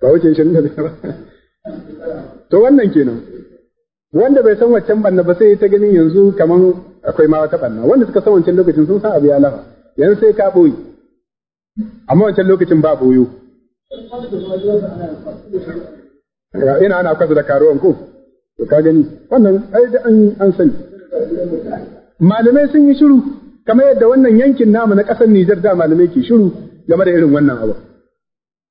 ba wuce 25 ba to wannan kenan wanda bai san waccan banna ba sai ta ganin yanzu kaman akwai ma wata banna wanda suka san wancan lokacin sun san abu ya lafa yanzu sai ka boye amma wancan lokacin ba boyo ina ana kwasa da karuwan ko to ka gani wannan ai da an an sani malamai sun yi shiru kamar yadda wannan yankin namu na ƙasar Nijar da malamai ke shiru game da irin wannan abu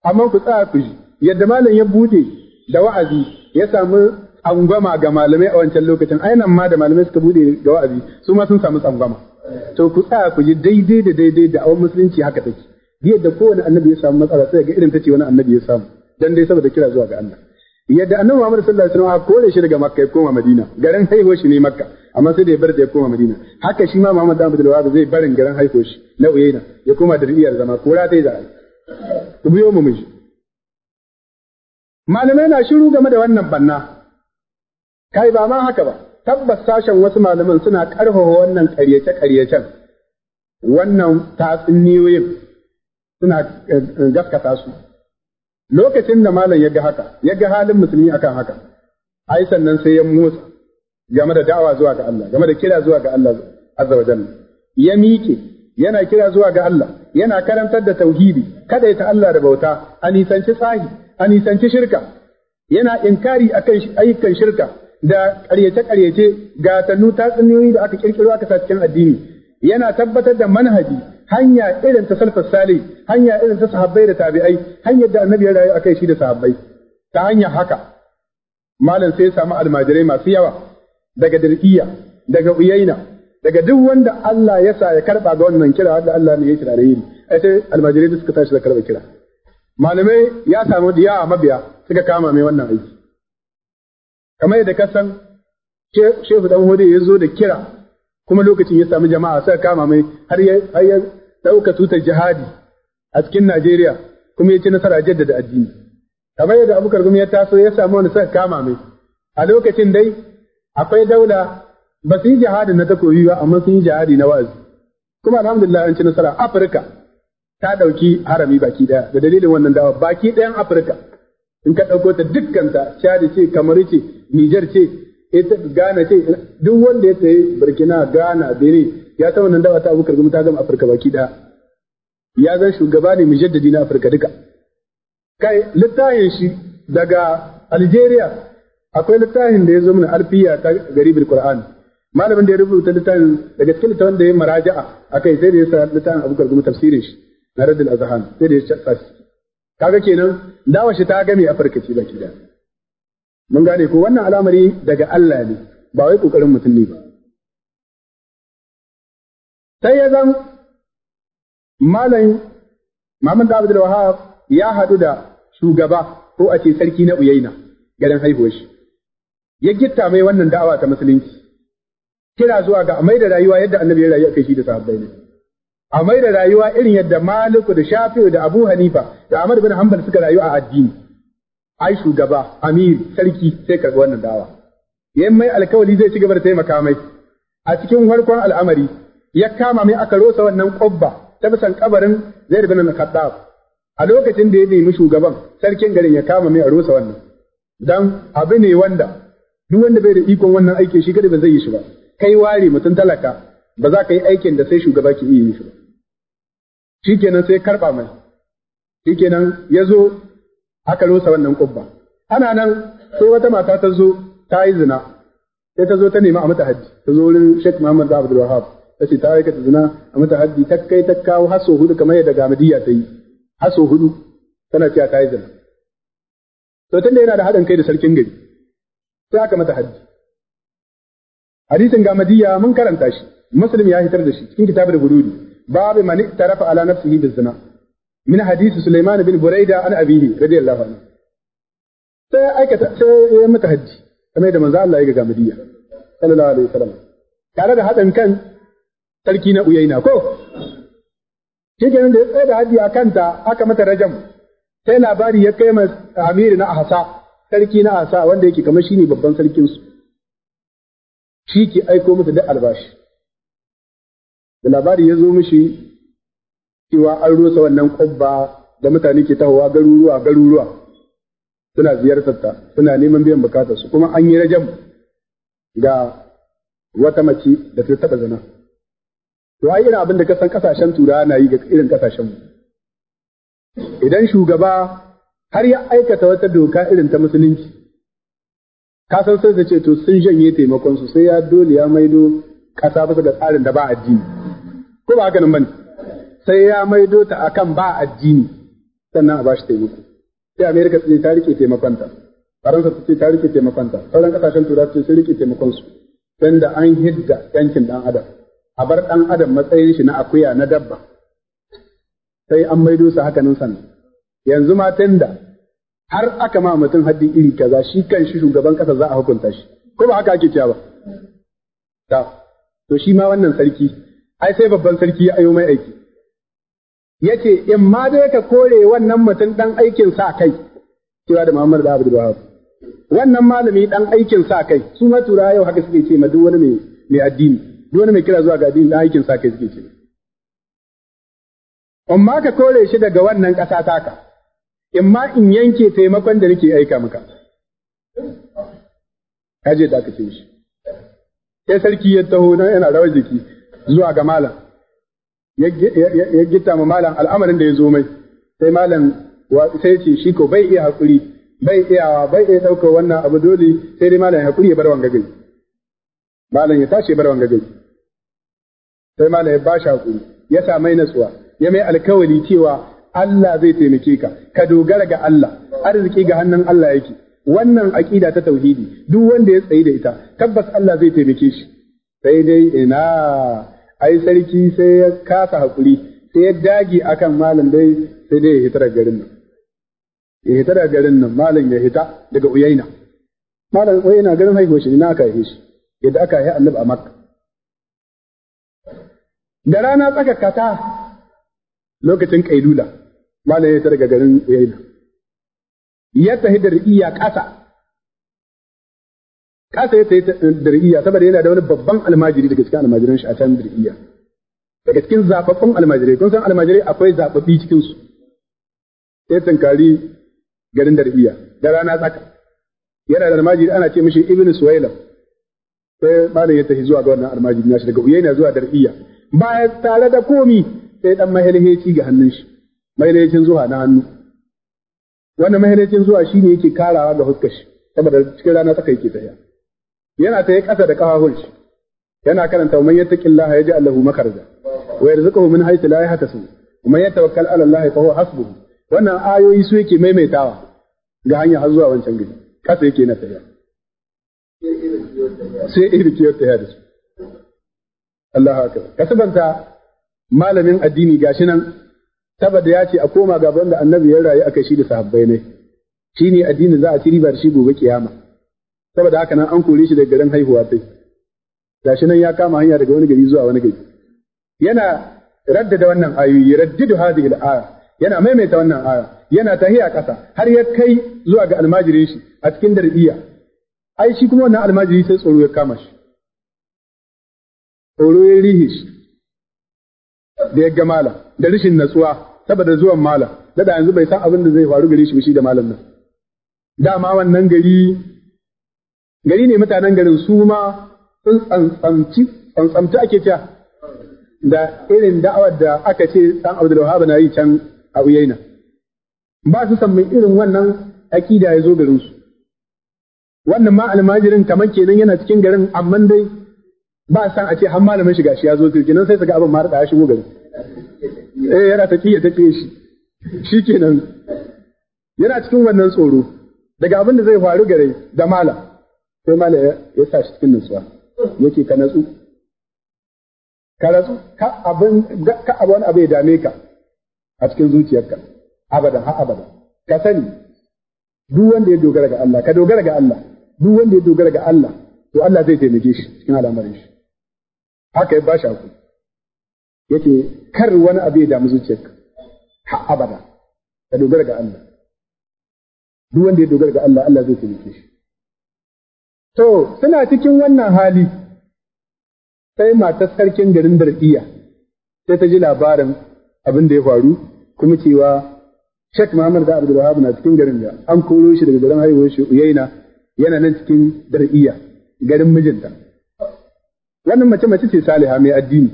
amma ku tsaya ku ji yadda malam ya bude da wa'azi ya samu angwama ga malamai a wancan lokacin ainihin ma da malamai suka bude ga wa'azi su ma sun samu tsangwama to ku tsaya ku yi daidai da daidai da awon musulunci haka take yadda kowane annabi ya samu matsala sai ga irin ta ce wani annabi ya samu dan dai saboda kira zuwa ga Allah yadda annabi Muhammad sallallahu alaihi wasallam kore shi daga Makka ya koma Madina garin haihuwar shi ne Makka amma sai da ya bar da ya koma Madina haka shi ma Muhammad dan Abdul Wahab zai barin garin haihuwar shi na Uyayna ya koma da riyar zama kora ta yi za'a ku biyo mu miji malamai na shiru game da wannan banna kai ba ma haka ba tabbas sashen wasu malaman suna ƙarfafa wannan ƙaryace-ƙaryacen wannan tatsuniyoyin suna eh, eh, gaskata su lokacin da malam ya ga haka ya ga halin musulmi akan haka ai sannan sai ya motsa game da da'awa zuwa ga Allah game da kira zuwa ga Allah azza wa jalla ya miƙe yana kira zuwa ga Allah yana karantar da tauhidi kada ya ta Allah da bauta a nisanci tsahi a nisanci shirka yana inkari akan ayyukan shirka da ƙaryace-ƙaryace ga tannu tatsuniyoyi da aka kirkiro aka sa cikin addini yana tabbatar da manhaji hanya irin ta salfa sali, hanya irin ta sahabbai da tabi'ai hanyar da annabi ya rayu a kai shi da sahabbai ta hanyar haka malam sai ya samu almajirai masu yawa daga dirkiya daga uyaina daga duk wanda Allah ya sa ya karba ga wannan kira wanda Allah ne ya kira da yini ai sai almajirai da suka tashi da karba kira malamai ya samu diya mabiya suka kama mai wannan aiki kamar yadda ka san shehu dan hode ya zo da kira kuma lokacin ya sami jama'a suka kama mai har ya dauka tutar jihadi a cikin Najeriya kuma ya ci nasara jaddada addini kamar yadda Abubakar gumi ya taso ya samu wani suka kama mai a lokacin dai akwai daula ba su yi jihadi na takobi ba amma sun yi jihadi na wa'azi kuma alhamdulillah an ci nasara Afirka ta dauki harami baki daya da dalilin wannan dawa baki dayan Afirka in ka ɗauko ta dukkan ta Chad ce kamar ce Nijar ce ita Ghana ce duk wanda ya tsaye Burkina Ghana bene ya san wannan dawa ta Abubakar Gumi ta gama Afirka baki ɗaya. ya zan shugaba ne jaddadi na Afirka duka kai littafin shi daga Algeria akwai littafin da ya zo mana alfiya ta garibul Qur'an malamin da ya rubuta littafin daga cikin littafin da ya maraja'a akai sai da ya sa littafin Abubakar Gumi tafsirin shi na Radul Azhan sai da ya sa kaga kenan dawa shi ta gami Afirka ce baki ɗaya. mun gane ko wannan al'amari daga Allah ne ba wai kokarin mutum ne ba sai ya zan malam Muhammad Abdul Wahab ya haɗu da shugaba ko a ce sarki na Uyaina garin haihuwar shi ya gitta mai wannan da'awa ta musulunci kira zuwa ga amai da rayuwa yadda annabi ya rayu kai shi da sahabbai ne amai da rayuwa irin yadda Maliku da Shafi'u da Abu Hanifa da Ahmad bin Hanbal suka rayu a addini ai shugaba amir sarki sai karɓi wannan dawa yayin mai alkawali zai cigaba da taimaka mai a cikin farkon al'amari ya kama mai aka rosa wannan ƙobba ta bisan kabarin Zaid bin khattab a lokacin da ya nemi shugaban sarkin garin ya kama mai a rosa wannan dan abu ne wanda duk wanda bai da ikon wannan aikin shi kada ba zai yi shi ba kai ware mutum talaka ba za ka yi aikin da sai shugaba ke iya yin shi ba shikenan sai karba mai shikenan ya zo aka rusa wannan kubba ana nan So wata mata ta zo ta yi zina sai ta zo ta nemi a mata haddi ta zo wurin Sheikh Muhammad da Abdul Wahhab ta ce ta aikata zina a mata haddi ta kai ta kawo haso hudu kamar yadda Gamadiya ta yi haso hudu tana cewa ta yi zina to tunda yana da haɗin kai da sarkin gari sai aka mata haddi hadisin Gamadiya mun karanta shi Muslim ya hitar da shi cikin kitabul Hudud babu Mani tarafa ala nafsihi bizina min hadisi Sulaiman bin Buraida an abihi radiyallahu anhu sai aikata sai ya mata hajji kamar da manzo Allah ya ga gamadiya sallallahu alaihi wasallam tare da haɗin kan sarki na Uyaina ko shikenan da ya da hajji a kanta aka mata rajam sai labari ya kai ma amiri na Ahsa sarki na Ahsa wanda yake kamar shine babban sarkin su shi ke aiko mata da albashi da labari ya zo mishi cewa an rusa wannan kubba da mutane ke tahowa garuruwa garuruwa suna ziyartar ta suna neman biyan bukatar su kuma an yi rajam ga wata mace da ta taba zina to ai irin abin da kasan kasashen turawa na yi ga irin kasashen mu idan shugaba har ya aikata wata doka irin ta musulunci ka san sai ce to sun janye taimakon su sai ya dole ya maido kasa bisa ga tsarin da ba addini ko ba haka nan bane sai ya maido ta akan ba addini sannan a bashi taimako sai Amerika ta ce ta rike taimakonta Faransa ta ce ta rike taimakonta sauran kasashen Turai ce sun rike taimakon su dan da an hidda yankin dan adam a bar dan adam matsayin shi na akuya na dabba sai an maido su hakanin sannan yanzu ma da har aka ma mutum haddi iri kaza shi kan shi shugaban kasa za a hukunta shi ko ba haka ake cewa ba to shi ma wannan sarki ai sai babban sarki ya ayo mai aiki yace in ma dai ka kore wannan mutum dan aikin sa kai cewa da Muhammad da Abdul Wahab wannan malami dan aikin sa kai su ma tura yau haka suke ce ma duk wani mai addini duk wani mai kira zuwa ga addini dan aikin sa kai suke ce amma ka kore shi daga wannan ƙasa taka in ma in yanke taimakon da nake aika maka kaje da aka ce shi sai sarki ya taho nan yana rawar jiki zuwa ga malam ya gita ma malam al'amarin da ya zo mai sai malam sai ce shi ko bai iya hakuri bai iyawa bai iya dauka wannan abu dole sai dai malam ya hakuri ya bar wanga gari malam ya tashi ya bar wanga gari sai malam ya ba shi hakuri ya sa mai natsuwa ya mai alkawari cewa Allah zai taimake ka ka dogara ga Allah arziki ga hannun Allah yake wannan aqida ta tauhidi duk wanda ya tsayi da ita tabbas Allah zai taimake shi sai dai ina ai sarki sai ya kasa hakuri sai ya dage akan malam dai sai dai ya hita daga garin nan ya hita daga garin nan malam ya hita daga uyaina malam uyaina garin haihuwa shi na aka haife shi yadda aka yi annabi a makka da rana tsaka kata lokacin kailula malam ya hita daga garin uyaina ya tahi da iya ƙasa ka sai sai dir'iyya saboda yana da wani babban almajiri daga cikin almajiran shi a can dir'iyya daga cikin zababbun almajirai kun san almajirai akwai zababbi cikin su sai tunkari garin dir'iyya da rana tsaka yana da almajiri ana ce mishi ibn suwailam sai malam ya tafi zuwa ga wannan almajiri nashi daga uyaina zuwa dir'iyya ba tare da komi sai dan mahilheci ga hannun shi mahilhecin zuwa na hannu wannan mahilhecin zuwa shine yake karawa ga huskar shi saboda cikin rana tsaka yake tafiya yana ta yi ƙasa da ƙafafun shi yana karanta man ji yaj'al lahu makhraja wa yarzuquhu min haythu la yahtasib wa man yatawakkal 'ala Allah fa huwa hasbuhu wannan ayoyi su yake maimaitawa ga hanya har zuwa wancan gari ƙasa yake na tafiya sai iri ke yadda ya dace Allah haka kasabanta malamin addini gashi nan saboda ya ce a koma gaban da annabi ya rayu aka shi da sahabbai ne shine addini za a ci riba da shi gobe kiyama saboda haka nan an kore shi daga garin haihuwa dai gashi nan ya kama hanya daga wani gari zuwa wani gari yana raddada wannan ayoyi raddidu hadhihi al-aya yana maimaita wannan aya yana tahiya kasa har ya kai zuwa ga almajirin shi a cikin darbiya ai shi kuma wannan almajiri sai tsoro ya kama shi tsoro ya rihi shi da ya ga malam da rishin natsuwa saboda zuwan malam da yanzu bai san abin da zai faru gare shi shi da malam nan dama wannan gari gari ne mutanen garin su ma sun tsantsamci tsantsamci ake cewa da irin da'awar da aka ce dan Abdul Wahhab na yi can a Uyaina ba su san irin wannan akida ya zo garin su wannan ma almajirin kamar kenan yana cikin garin amma dai ba san a ce har malamin shiga shi ya zo nan sai su ga abin ma ya shigo garin eh yana ta kiyaye ta shi shikenan yana cikin wannan tsoro daga abin da zai faru gare da malam sai mala ya sa shi cikin nutsuwa yake ka natsu ka natsu ka abin ka abu wani abu ya dame ka a cikin zuciyarka abada ha abada ka sani duk wanda ya dogara ga Allah ka dogara ga Allah duk wanda ya dogara ga Allah to Allah zai taimake shi cikin al'amarin shi haka ya bashi aku yake kar wani abu ya damu zuciyarka ha abada ka dogara ga Allah duk wanda ya dogara ga Allah Allah zai taimake shi To, suna cikin wannan hali, sai matar sarkin garin Dardiya, sai ta ji labarin abin da ya faru, kuma cewa Shek Muhammad da Abdul na cikin garin da an koro shi daga garin haihuwar shi Uyaina yana nan cikin Dardiya, garin mijinta. Wannan mace mace ce Saliha mai addini.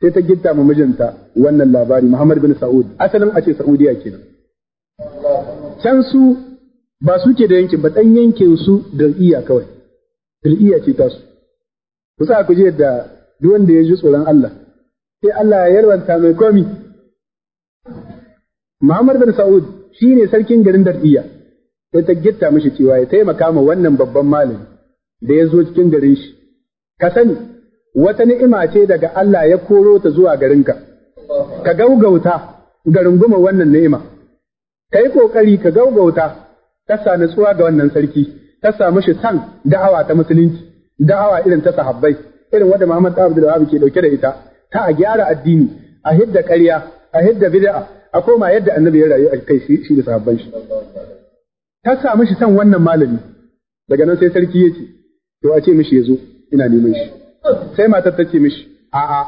Sai ta gitta ma mijinta wannan labari Muhammad bin Sa'ud, asalin a ce Sa'udiya kenan. Can su ba suke da yankin ba dan yankin su da iya kawai iya ce tasu ku sa ku je da duk wanda ya ji tsoron Allah sai Allah ya yarwanta mai komi Muhammad bin Saud ne sarkin garin Dardiya sai ta gitta mishi cewa ya taimaka ma wannan babban malami da ya zo cikin garin shi ka sani wata ni'ima ce daga Allah ya koro ta zuwa garinka ka gaugauta garin runguma wannan ni'ima kai ƙoƙari ka gaugauta ta sa nutsuwa ga wannan sarki ta samu shi san da'awa ta musulunci da'awa irin ta sahabbai irin wanda Muhammad Abdul Wahab ke dauke da ita ta a gyara addini a hidda ƙarya a hidda bid'a a koma yadda annabi ya rayu a kai shi da sahabban shi ta sa mishi san wannan malami daga nan sai sarki ya ce to a ce mishi ya zo ina neman shi sai matar ta ce mishi a'a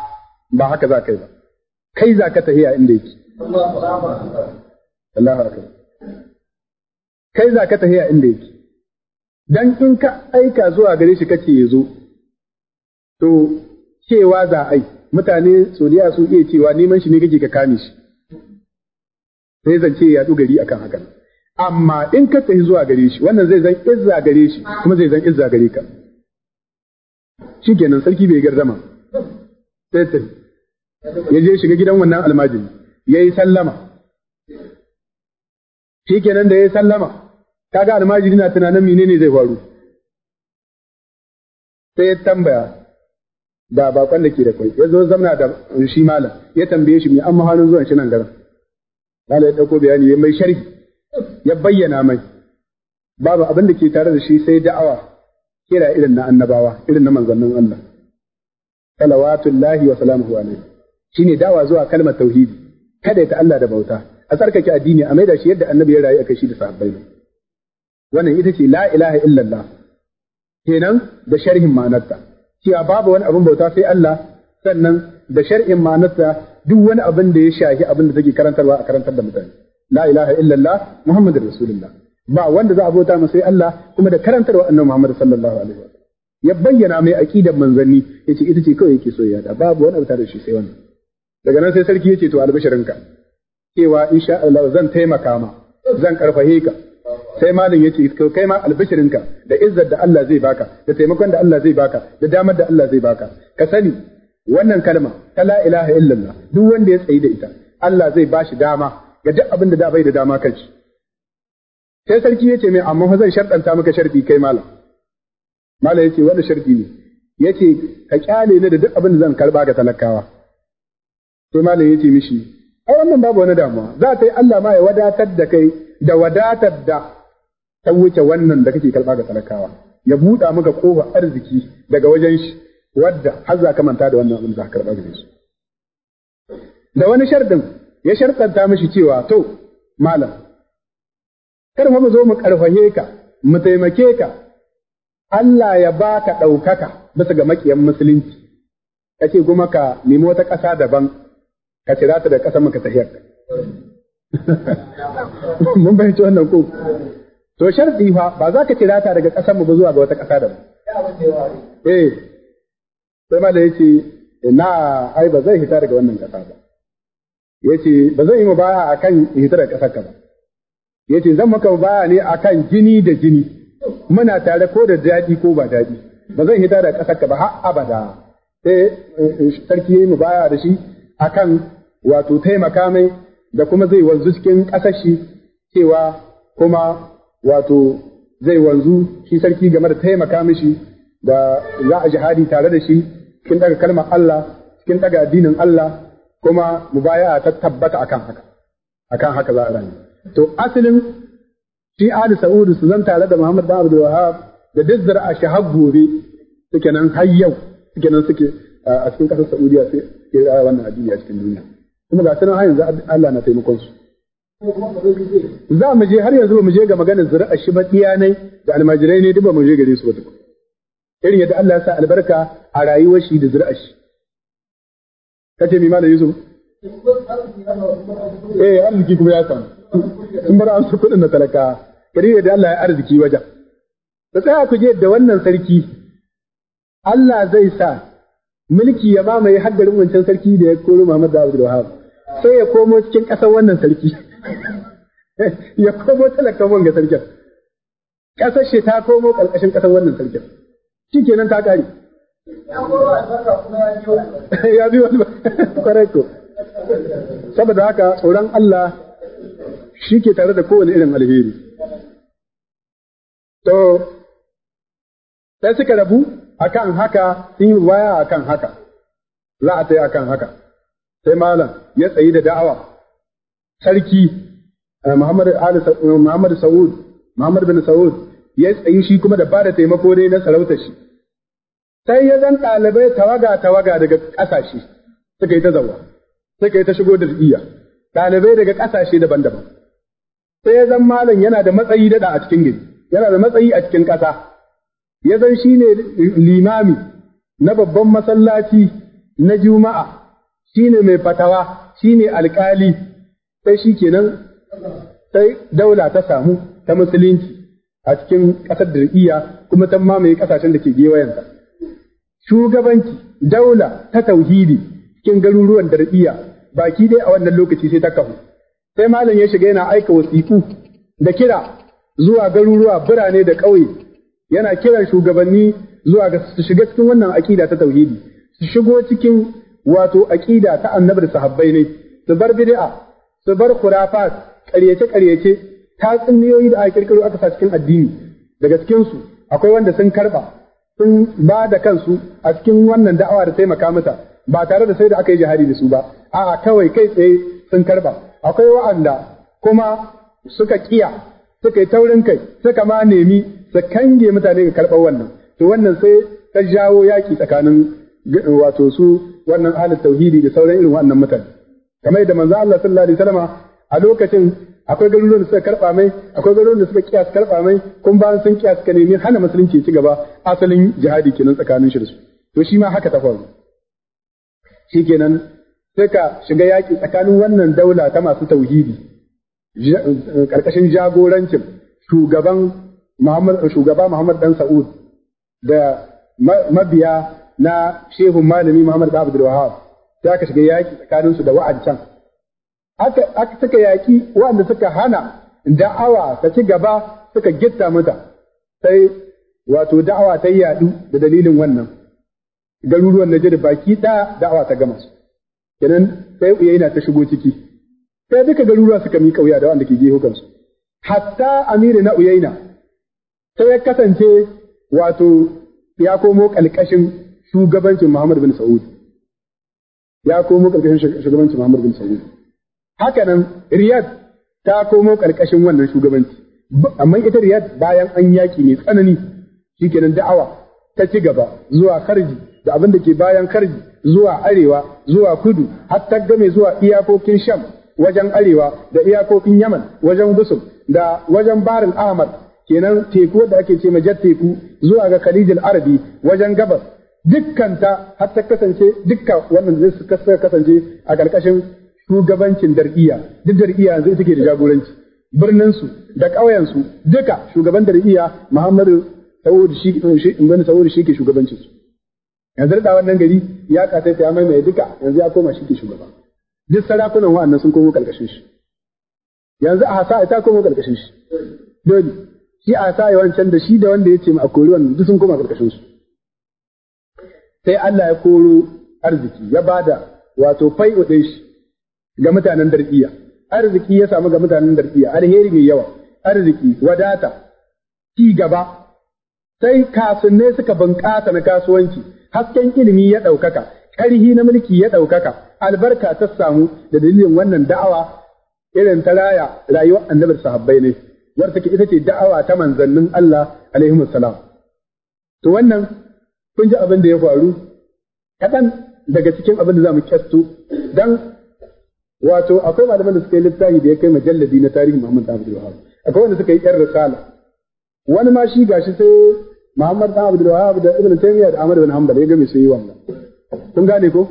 ba haka za kai ba kai za ka tahiya inda yake Allahu akbar Allahu akbar kai za ka tafiya inda yake dan in ka aika zuwa gare shi kace ya zo to cewa za ai mutane sodiya su iya cewa neman shi ne kake ka kame shi sai zance ya gari akan hakan amma in ka tafi zuwa gare shi wannan zai zan izza gare shi kuma zai zan izza gare ka kenan sarki bai gardama sai ya je shiga gidan wannan almajiri ya yi sallama kenan da ya yi sallama kaga almajiri na tunanin menene zai faru sai ya tambaya da bakon da ke da kwai ya zo zamna da shi malam ya tambaye shi me an mahalin zuwan shi nan garin malam ya dauko bayani ya mai sharhi ya bayyana mai babu abin da ke tare da shi sai da'awa kira irin na annabawa irin na manzannin Allah salawatullahi wa salamuhu alaihi shine da'awa zuwa kalmar tauhidi kada ta Allah da bauta a tsarkake addini a maida shi yadda annabi ya rayu a kai shi da sahabbai wannan ita ce la ilaha illallah kenan da sharhin ma'anarta cewa babu wani abin bauta sai Allah sannan da shar'in ma'anarta duk wani abin da ya shafi abin da take karantarwa a karantar da mutane la ilaha illallah muhammadur rasulullah ba wanda za a bauta masa sai Allah kuma da karantarwa annabi Muhammad sallallahu alaihi wa ya bayyana mai aqidar manzanni yace ita ce kawai yake so ya da babu wani abu da shi sai wannan daga nan sai sarki yace to albashirinka cewa insha Allah zan taimaka ma zan karfafe ka sai malam yace to kai ma albishirinka da izzar da Allah zai baka da taimakon da Allah zai baka da damar da Allah zai baka ka sani wannan kalma ta la ilaha illallah duk wanda ya tsayi da ita Allah zai bashi dama ga duk abin da da bai da dama kanci sai sarki yace mai amma fa zan sharɗanta maka sharti kai malam malam yace wani sharti ne yace ka kyale ni da duk abin da zan karba ga talakawa sai malam yace mishi A wannan babu wani damuwa za ta yi Allah ma ya wadatar da kai da wadatar da ta wuce wannan da kake kalba ga talakawa ya buɗa maka kofa arziki daga wajen shi wadda har za ka manta da wannan abin za ka karɓa gare su da wani shardin ya shartanta mishi cewa to malam kar mu zo mu karfahe ka mu taimake ka Allah ya baka ɗaukaka bisa ga makiyan musulunci ce kuma ka nemi wata ƙasa daban ka cira ta da ƙasa maka tahiyar mun ci wannan ko to sharɗi fa ba za ka ce ta daga ƙasar mu ba zuwa ga wata ƙasa da mu eh sai ya yace na ai ba zai hita daga wannan ƙasa ba Ya ce ba zan yi mu baya akan hita daga ƙasar ka ba Ya ce zan maka baya ne akan jini da jini muna tare ko da daɗi ko ba daɗi ba zan hita daga ƙasar ka ba har abada Eh, sarki mu baya da shi akan wato taimaka mai da kuma zai wanzu cikin ƙasar shi cewa kuma wato zai wanzu shi sarki game da taimaka mishi da za a jihadi tare da shi cikin daga kalmar Allah cikin daga addinin Allah kuma baya ta tabbata akan haka akan haka za a rani to asalin shi Ali Sa'udu su zan tare da Muhammad bin Abdul Wahhab da dizzar a shahab gobe suke nan har yau suke nan suke a cikin kasar Saudiya sai wannan addini a cikin duniya kuma ga sanan har yanzu Allah na taimakon su za mu je har yanzu ba mu je ga maganin zuri'a shi ba diyanai da almajirai ne duk ba mu je gare su ba duk irin yadda Allah ya sa albarka a rayuwar shi da zuri'a shi kace mi malam Yusuf eh arziki kuma ya samu sun bar an su kudin na talaka irin yadda Allah ya arziki wajen da tsaya ku je da wannan sarki Allah zai sa mulki ya mamaye haddarin wancan sarki da ya koro Muhammad da Wahab sai ya komo cikin ƙasar wannan sarki ya komo talakan wanga sarkin ƙasar shi ta komo ƙarƙashin ƙasar wannan sarkin shi kenan ta ƙari ya biyo wani ko saboda haka tsoron Allah shi ke tare da kowane irin alheri to sai suka rabu akan haka sun yi waya akan haka za a tai akan haka sai malam ya tsayi da da'awa sarki Eh, Muhammad Ali eh, Muhammad Saud Muhammad bin Saud ya tsayi shi kuma da bada taimako dai na sarauta shi sai ya zan ɗalibai tawaga tawaga daga ƙasashe suka yi ta zawa suka yi ta shigo da iya ɗalibai daga ƙasashe daban-daban sai ya zan malam yana da matsayi daɗa a cikin gari yana da matsayi a cikin ƙasa ya zan shi ne limami na babban masallaci na juma'a shi ne mai fatawa shi ne alƙali sai shi kenan sai daula ta samu ta musulunci a cikin ƙasar da iya kuma ta mamaye ƙasashen da ke gewayenta. Shugabanci, daula ta tauhidi cikin garuruwan da baki dai a wannan lokaci sai ta kahu. Sai malam ya shiga yana aika wasiƙu da kira zuwa garuruwa birane da ƙauye, yana kiran shugabanni zuwa ga su shiga cikin wannan aƙida ta tauhidi, su shigo cikin wato aƙida ta annabi sahabbai ne, su bar bid'a, su bar khurafat, ƙaryace-ƙaryace ta tsinniyoyi da aka kirkiro aka sa cikin addini daga cikinsu akwai wanda sun karɓa sun ba da kansu a cikin wannan da'awa da taimaka masa ba tare da sai da aka yi jihari da su ba a'a kawai kai tsaye sun karɓa akwai wa'anda kuma suka kiya suka yi taurin kai suka ma nemi su kange mutane ga karɓar wannan to wannan sai ta jawo yaƙi tsakanin wato su wannan ahlul tauhidi da sauran irin wannan mutane kamar yadda manzo Allah sallallahu alaihi wasallam a lokacin akwai garuruwan da suka karba mai akwai garuruwan da suka kiyas karba mai kun bayan sun kiyas ka nemi hana musulunci ci gaba asalin jihadi kenan tsakanin shi da su to shi ma haka ta faru shikenan suka shiga yaki tsakanin wannan daula ta masu tauhidi karkashin jagorancin shugaban Muhammad shugaba Muhammad dan Sa'ud da mabiya na shehu malami Muhammad Abdul Wahab sai aka shiga yaki tsakanin su da wa'ancan aka aka suka yaki wanda suka hana da'awa ta ci gaba suka gitta mata sai wato da'awa ta yadu da dalilin wannan garuruwan Najar baki ɗaya da'awa ta gama su kenan sai uyayna ta shigo ciki sai duka garuruwa suka miƙa wuya da wanda ke je hukansu hatta amiri na uyayna sai ya kasance wato ya komo ƙalƙashin shugabancin Muhammad bin Saud ya komo ƙalƙashin shugabancin Muhammad bin Saud Hakanan Riyad ta komo ƙarƙashin wannan shugabanci. Amma ita Riyad bayan an yaki mai tsanani shikenan da'awa ta ci gaba zuwa karji da abin da ke bayan karji zuwa arewa zuwa kudu har ta game zuwa iyakokin Sham wajen arewa da iyakokin Yaman wajen Busum da wajen Barin Ahmad kenan teku da ake ce majar teku zuwa ga Khalijil Arabi wajen gabas dukkan ta har ta kasance dukkan wannan zai kasance a ƙarƙashin shugabancin dar'iya duk dar'iya yanzu take ke da jagoranci birninsu da ƙauyensu duka shugaban dar'iya Muhammadu Sa'ud shi Ibn shi ke shugabancin su yanzu da wannan gari ya kasa ta mai mai duka yanzu ya koma shi ke shugaba duk sarakunan wa'annan sun komo karkashin shi yanzu a hasa ita komo karkashin shi dole shi a hasa ya wancan da shi da wanda ya ce ma a kori wannan duk sun koma karkashin su sai Allah ya koro arziki ya bada wato fai'o ɗin shi ga mutanen darbiya arziki ya samu ga mutanen darbiya alheri mai yawa arziki wadata ci gaba sai kasunne suka bunƙasa na kasuwanci hasken ilimi ya ɗaukaka ƙarhi na mulki ya ɗaukaka albarka ta samu da dalilin wannan da'awa irin ta raya rayuwar annabar sahabbai ne wadda ita ce da'awa ta manzannin Allah alaihi salam to wannan kun ji abin da ya faru kaɗan daga cikin abin da za mu kyastu don wato akwai malaman da suka yi littafi da ya kai majalladi na tarihi Muhammad Abdul Wahab akwai wanda suka yi yar risala wani ma shi gashi sai Muhammad dan Abdul Wahab da Ibn Taymiyyah da Ahmad bin Hanbal ya game sai yi wannan kun gane ko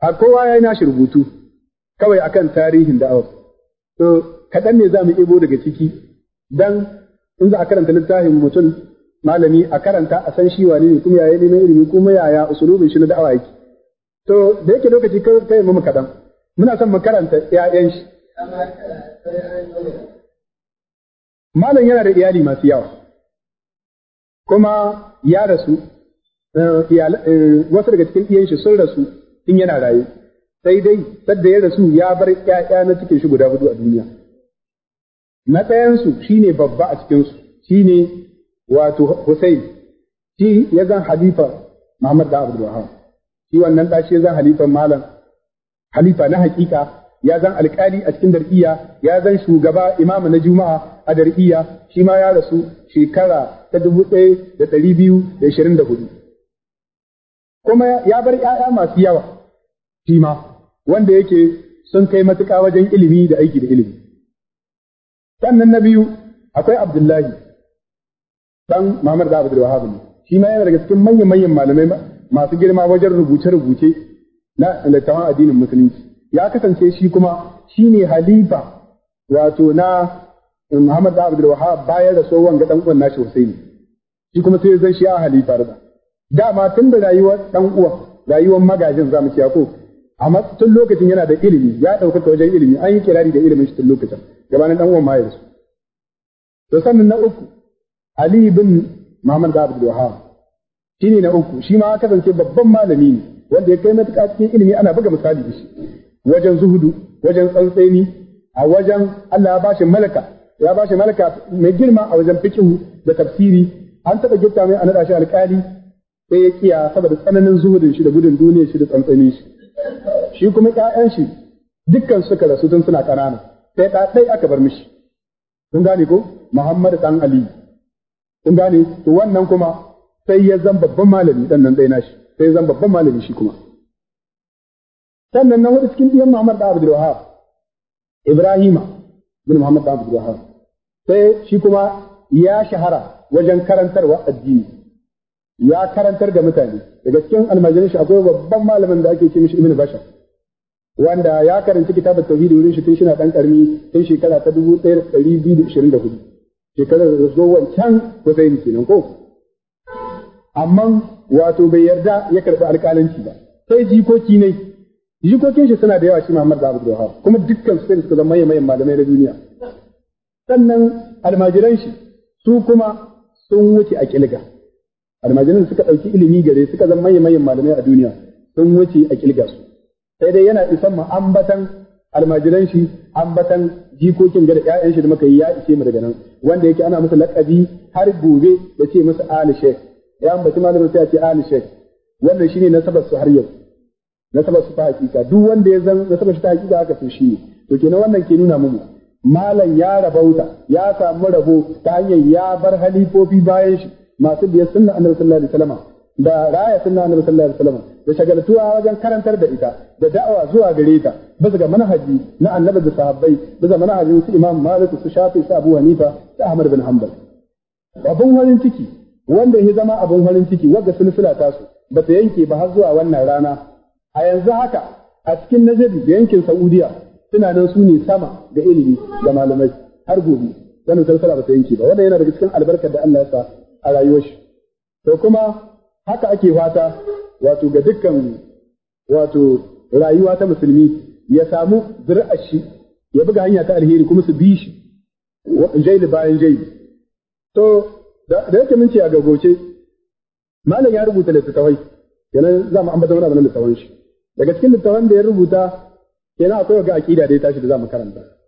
a kowa yayi nashi rubutu kawai akan tarihin da'awar to kaɗan ne za mu ibo daga ciki dan in za a karanta littafin mutum malami a karanta a san shi wani ne kuma yaya na ilimi kuma yaya usulubin shi na da'awa yake to da yake lokaci kai mu kaɗan muna son mu karanta ‘ya'yan shi. Malam yana da iyali masu yawa, kuma ya rasu, eh, eh, wasu daga cikin iyanshi sun rasu in yana rayu, sai dai sadda ya rasu ya bar ‘ya'ya na cikin shi guda hudu a duniya. Matsayansu shi ne babba a cikinsu, shi ne wato Hussein, shi ya zan halifa Muhammad da shi wannan ɗashi ya zan halifa Malam halifa na hakika ya zan alkali a cikin dar'iya ya zan shugaba imamu na juma'a a dar'iya shi ma ya rasu shekara ta dubu ɗaya da ɗari biyu da ashirin da hudu kuma ya bar ‘ya'ya masu yawa shi ma wanda yake sun kai matuƙa wajen ilimi da aiki da ilimi sannan na biyu akwai abdullahi dan mamar da abu wahab ne shi ma yana daga cikin manyan manyan malamai masu girma wajen rubuce-rubuce na littafin addinin musulunci ya kasance shi kuma shi ne halifa wato na Muhammad da Abdul Wahab bayan da tsohon ga dan uwan nashi Husaini shi kuma sai zai shi a halifa da dama tun da rayuwar dan uwan rayuwar magajin zamu ci ko amma tun lokacin yana da ilimi ya ɗaukaka wajen ilimi an yi kirari da ilimin shi tun lokacin gabanin dan uwan mayar su to sannan na uku Ali bin Muhammad da Abdul Wahab shine na uku shi ma kasance babban malami ne wanda ya kai matuƙa cikin ilimi ana buga misali da shi wajen zuhudu wajen tsantsaini a wajen Allah ya bashi malaka ya bashi malaka mai girma a wajen fiqhu da tafsiri an taɓa gitta mai anada shi alƙali sai ya kiya saboda tsananin zuhudin shi da gudun duniya shi da tsantsanin shi shi kuma ƴaƴan shi dukkan suka rasu tun suna ƙanana sai ɗaɗai aka bar mishi kun gane ko Muhammad dan Ali kun gane to wannan kuma sai ya zan babban malami dan nan dai nashi sai zan babban malami shi kuma sannan na hudu cikin diyan Muhammad da Abdul Wahab Ibrahima bin Muhammad da Abdul Wahab sai shi kuma ya shahara wajen karantarwa addini ya karantar da mutane daga cikin almajirin shi akwai babban malamin da ake ce mishi Ibn Bashar wanda ya karanci kitabun tauhidi wurin shi tun shi na dan karmi tun shekara ta 1224 shekarar da zo wancan Hussein kenan ko Amman. wato bai yarda ya karɓi alƙalanci ba sai jikoki ne jikokin shi suna da yawa shi Muhammad Abu Dawud kuma dukkan su suka zama mayan malamai na duniya sannan almajiran shi su kuma sun wuce a kilga almajiran suka ɗauki ilimi gare suka zama mayan malamai a duniya sun wuce a kilga su sai dai yana isan mu ambatan almajiran shi ambatan jikokin gare ƴaƴan shi da muka yi ya ishe mu daga nan wanda yake ana musu laƙabi har gobe da ce musu Ali Sheikh ya ambaci malamin sai a ce ahli shek wannan shine nasabar su har yau nasabar su ta hakika duk wanda ya zan nasabar shi ta hakika haka to shine to kenan wannan ke nuna mumu. malam ya rabauta ya samu rabo ta hanyar ya bar halifofi bayan shi masu biyar sunna annabi sallallahu alaihi wasallam da raya sunna annabi sallallahu alaihi wasallam da shagaltuwa wajen karantar da ita da da'awa zuwa gare ta bisa ga manhaji na annabi da sahabbai bisa manhajin su imam malik su shafi su abu hanifa da ahmad bin hanbal babban farin ciki wanda ya zama abin farin ciki wanda silsila ta su ba ta yanke ba har zuwa wannan rana a yanzu haka a cikin najabi da yankin saudiya suna nan su ne sama da ilimi da malamai har gobe wannan silsila ba ta yanke ba wannan yana daga cikin albarkar da Allah ya sa a rayuwar shi to kuma haka ake fata wato ga dukkan wato rayuwa ta musulmi ya samu zuri'ar shi ya buga hanya ta alheri kuma su bi shi jaili bayan jaili to da yake mun ce a gagoce malam ya rubuta littattafai yana za mu ambata wani abu na littattafan shi daga cikin littattafan da ya rubuta yana akwai ga akida da ya tashi da za mu karanta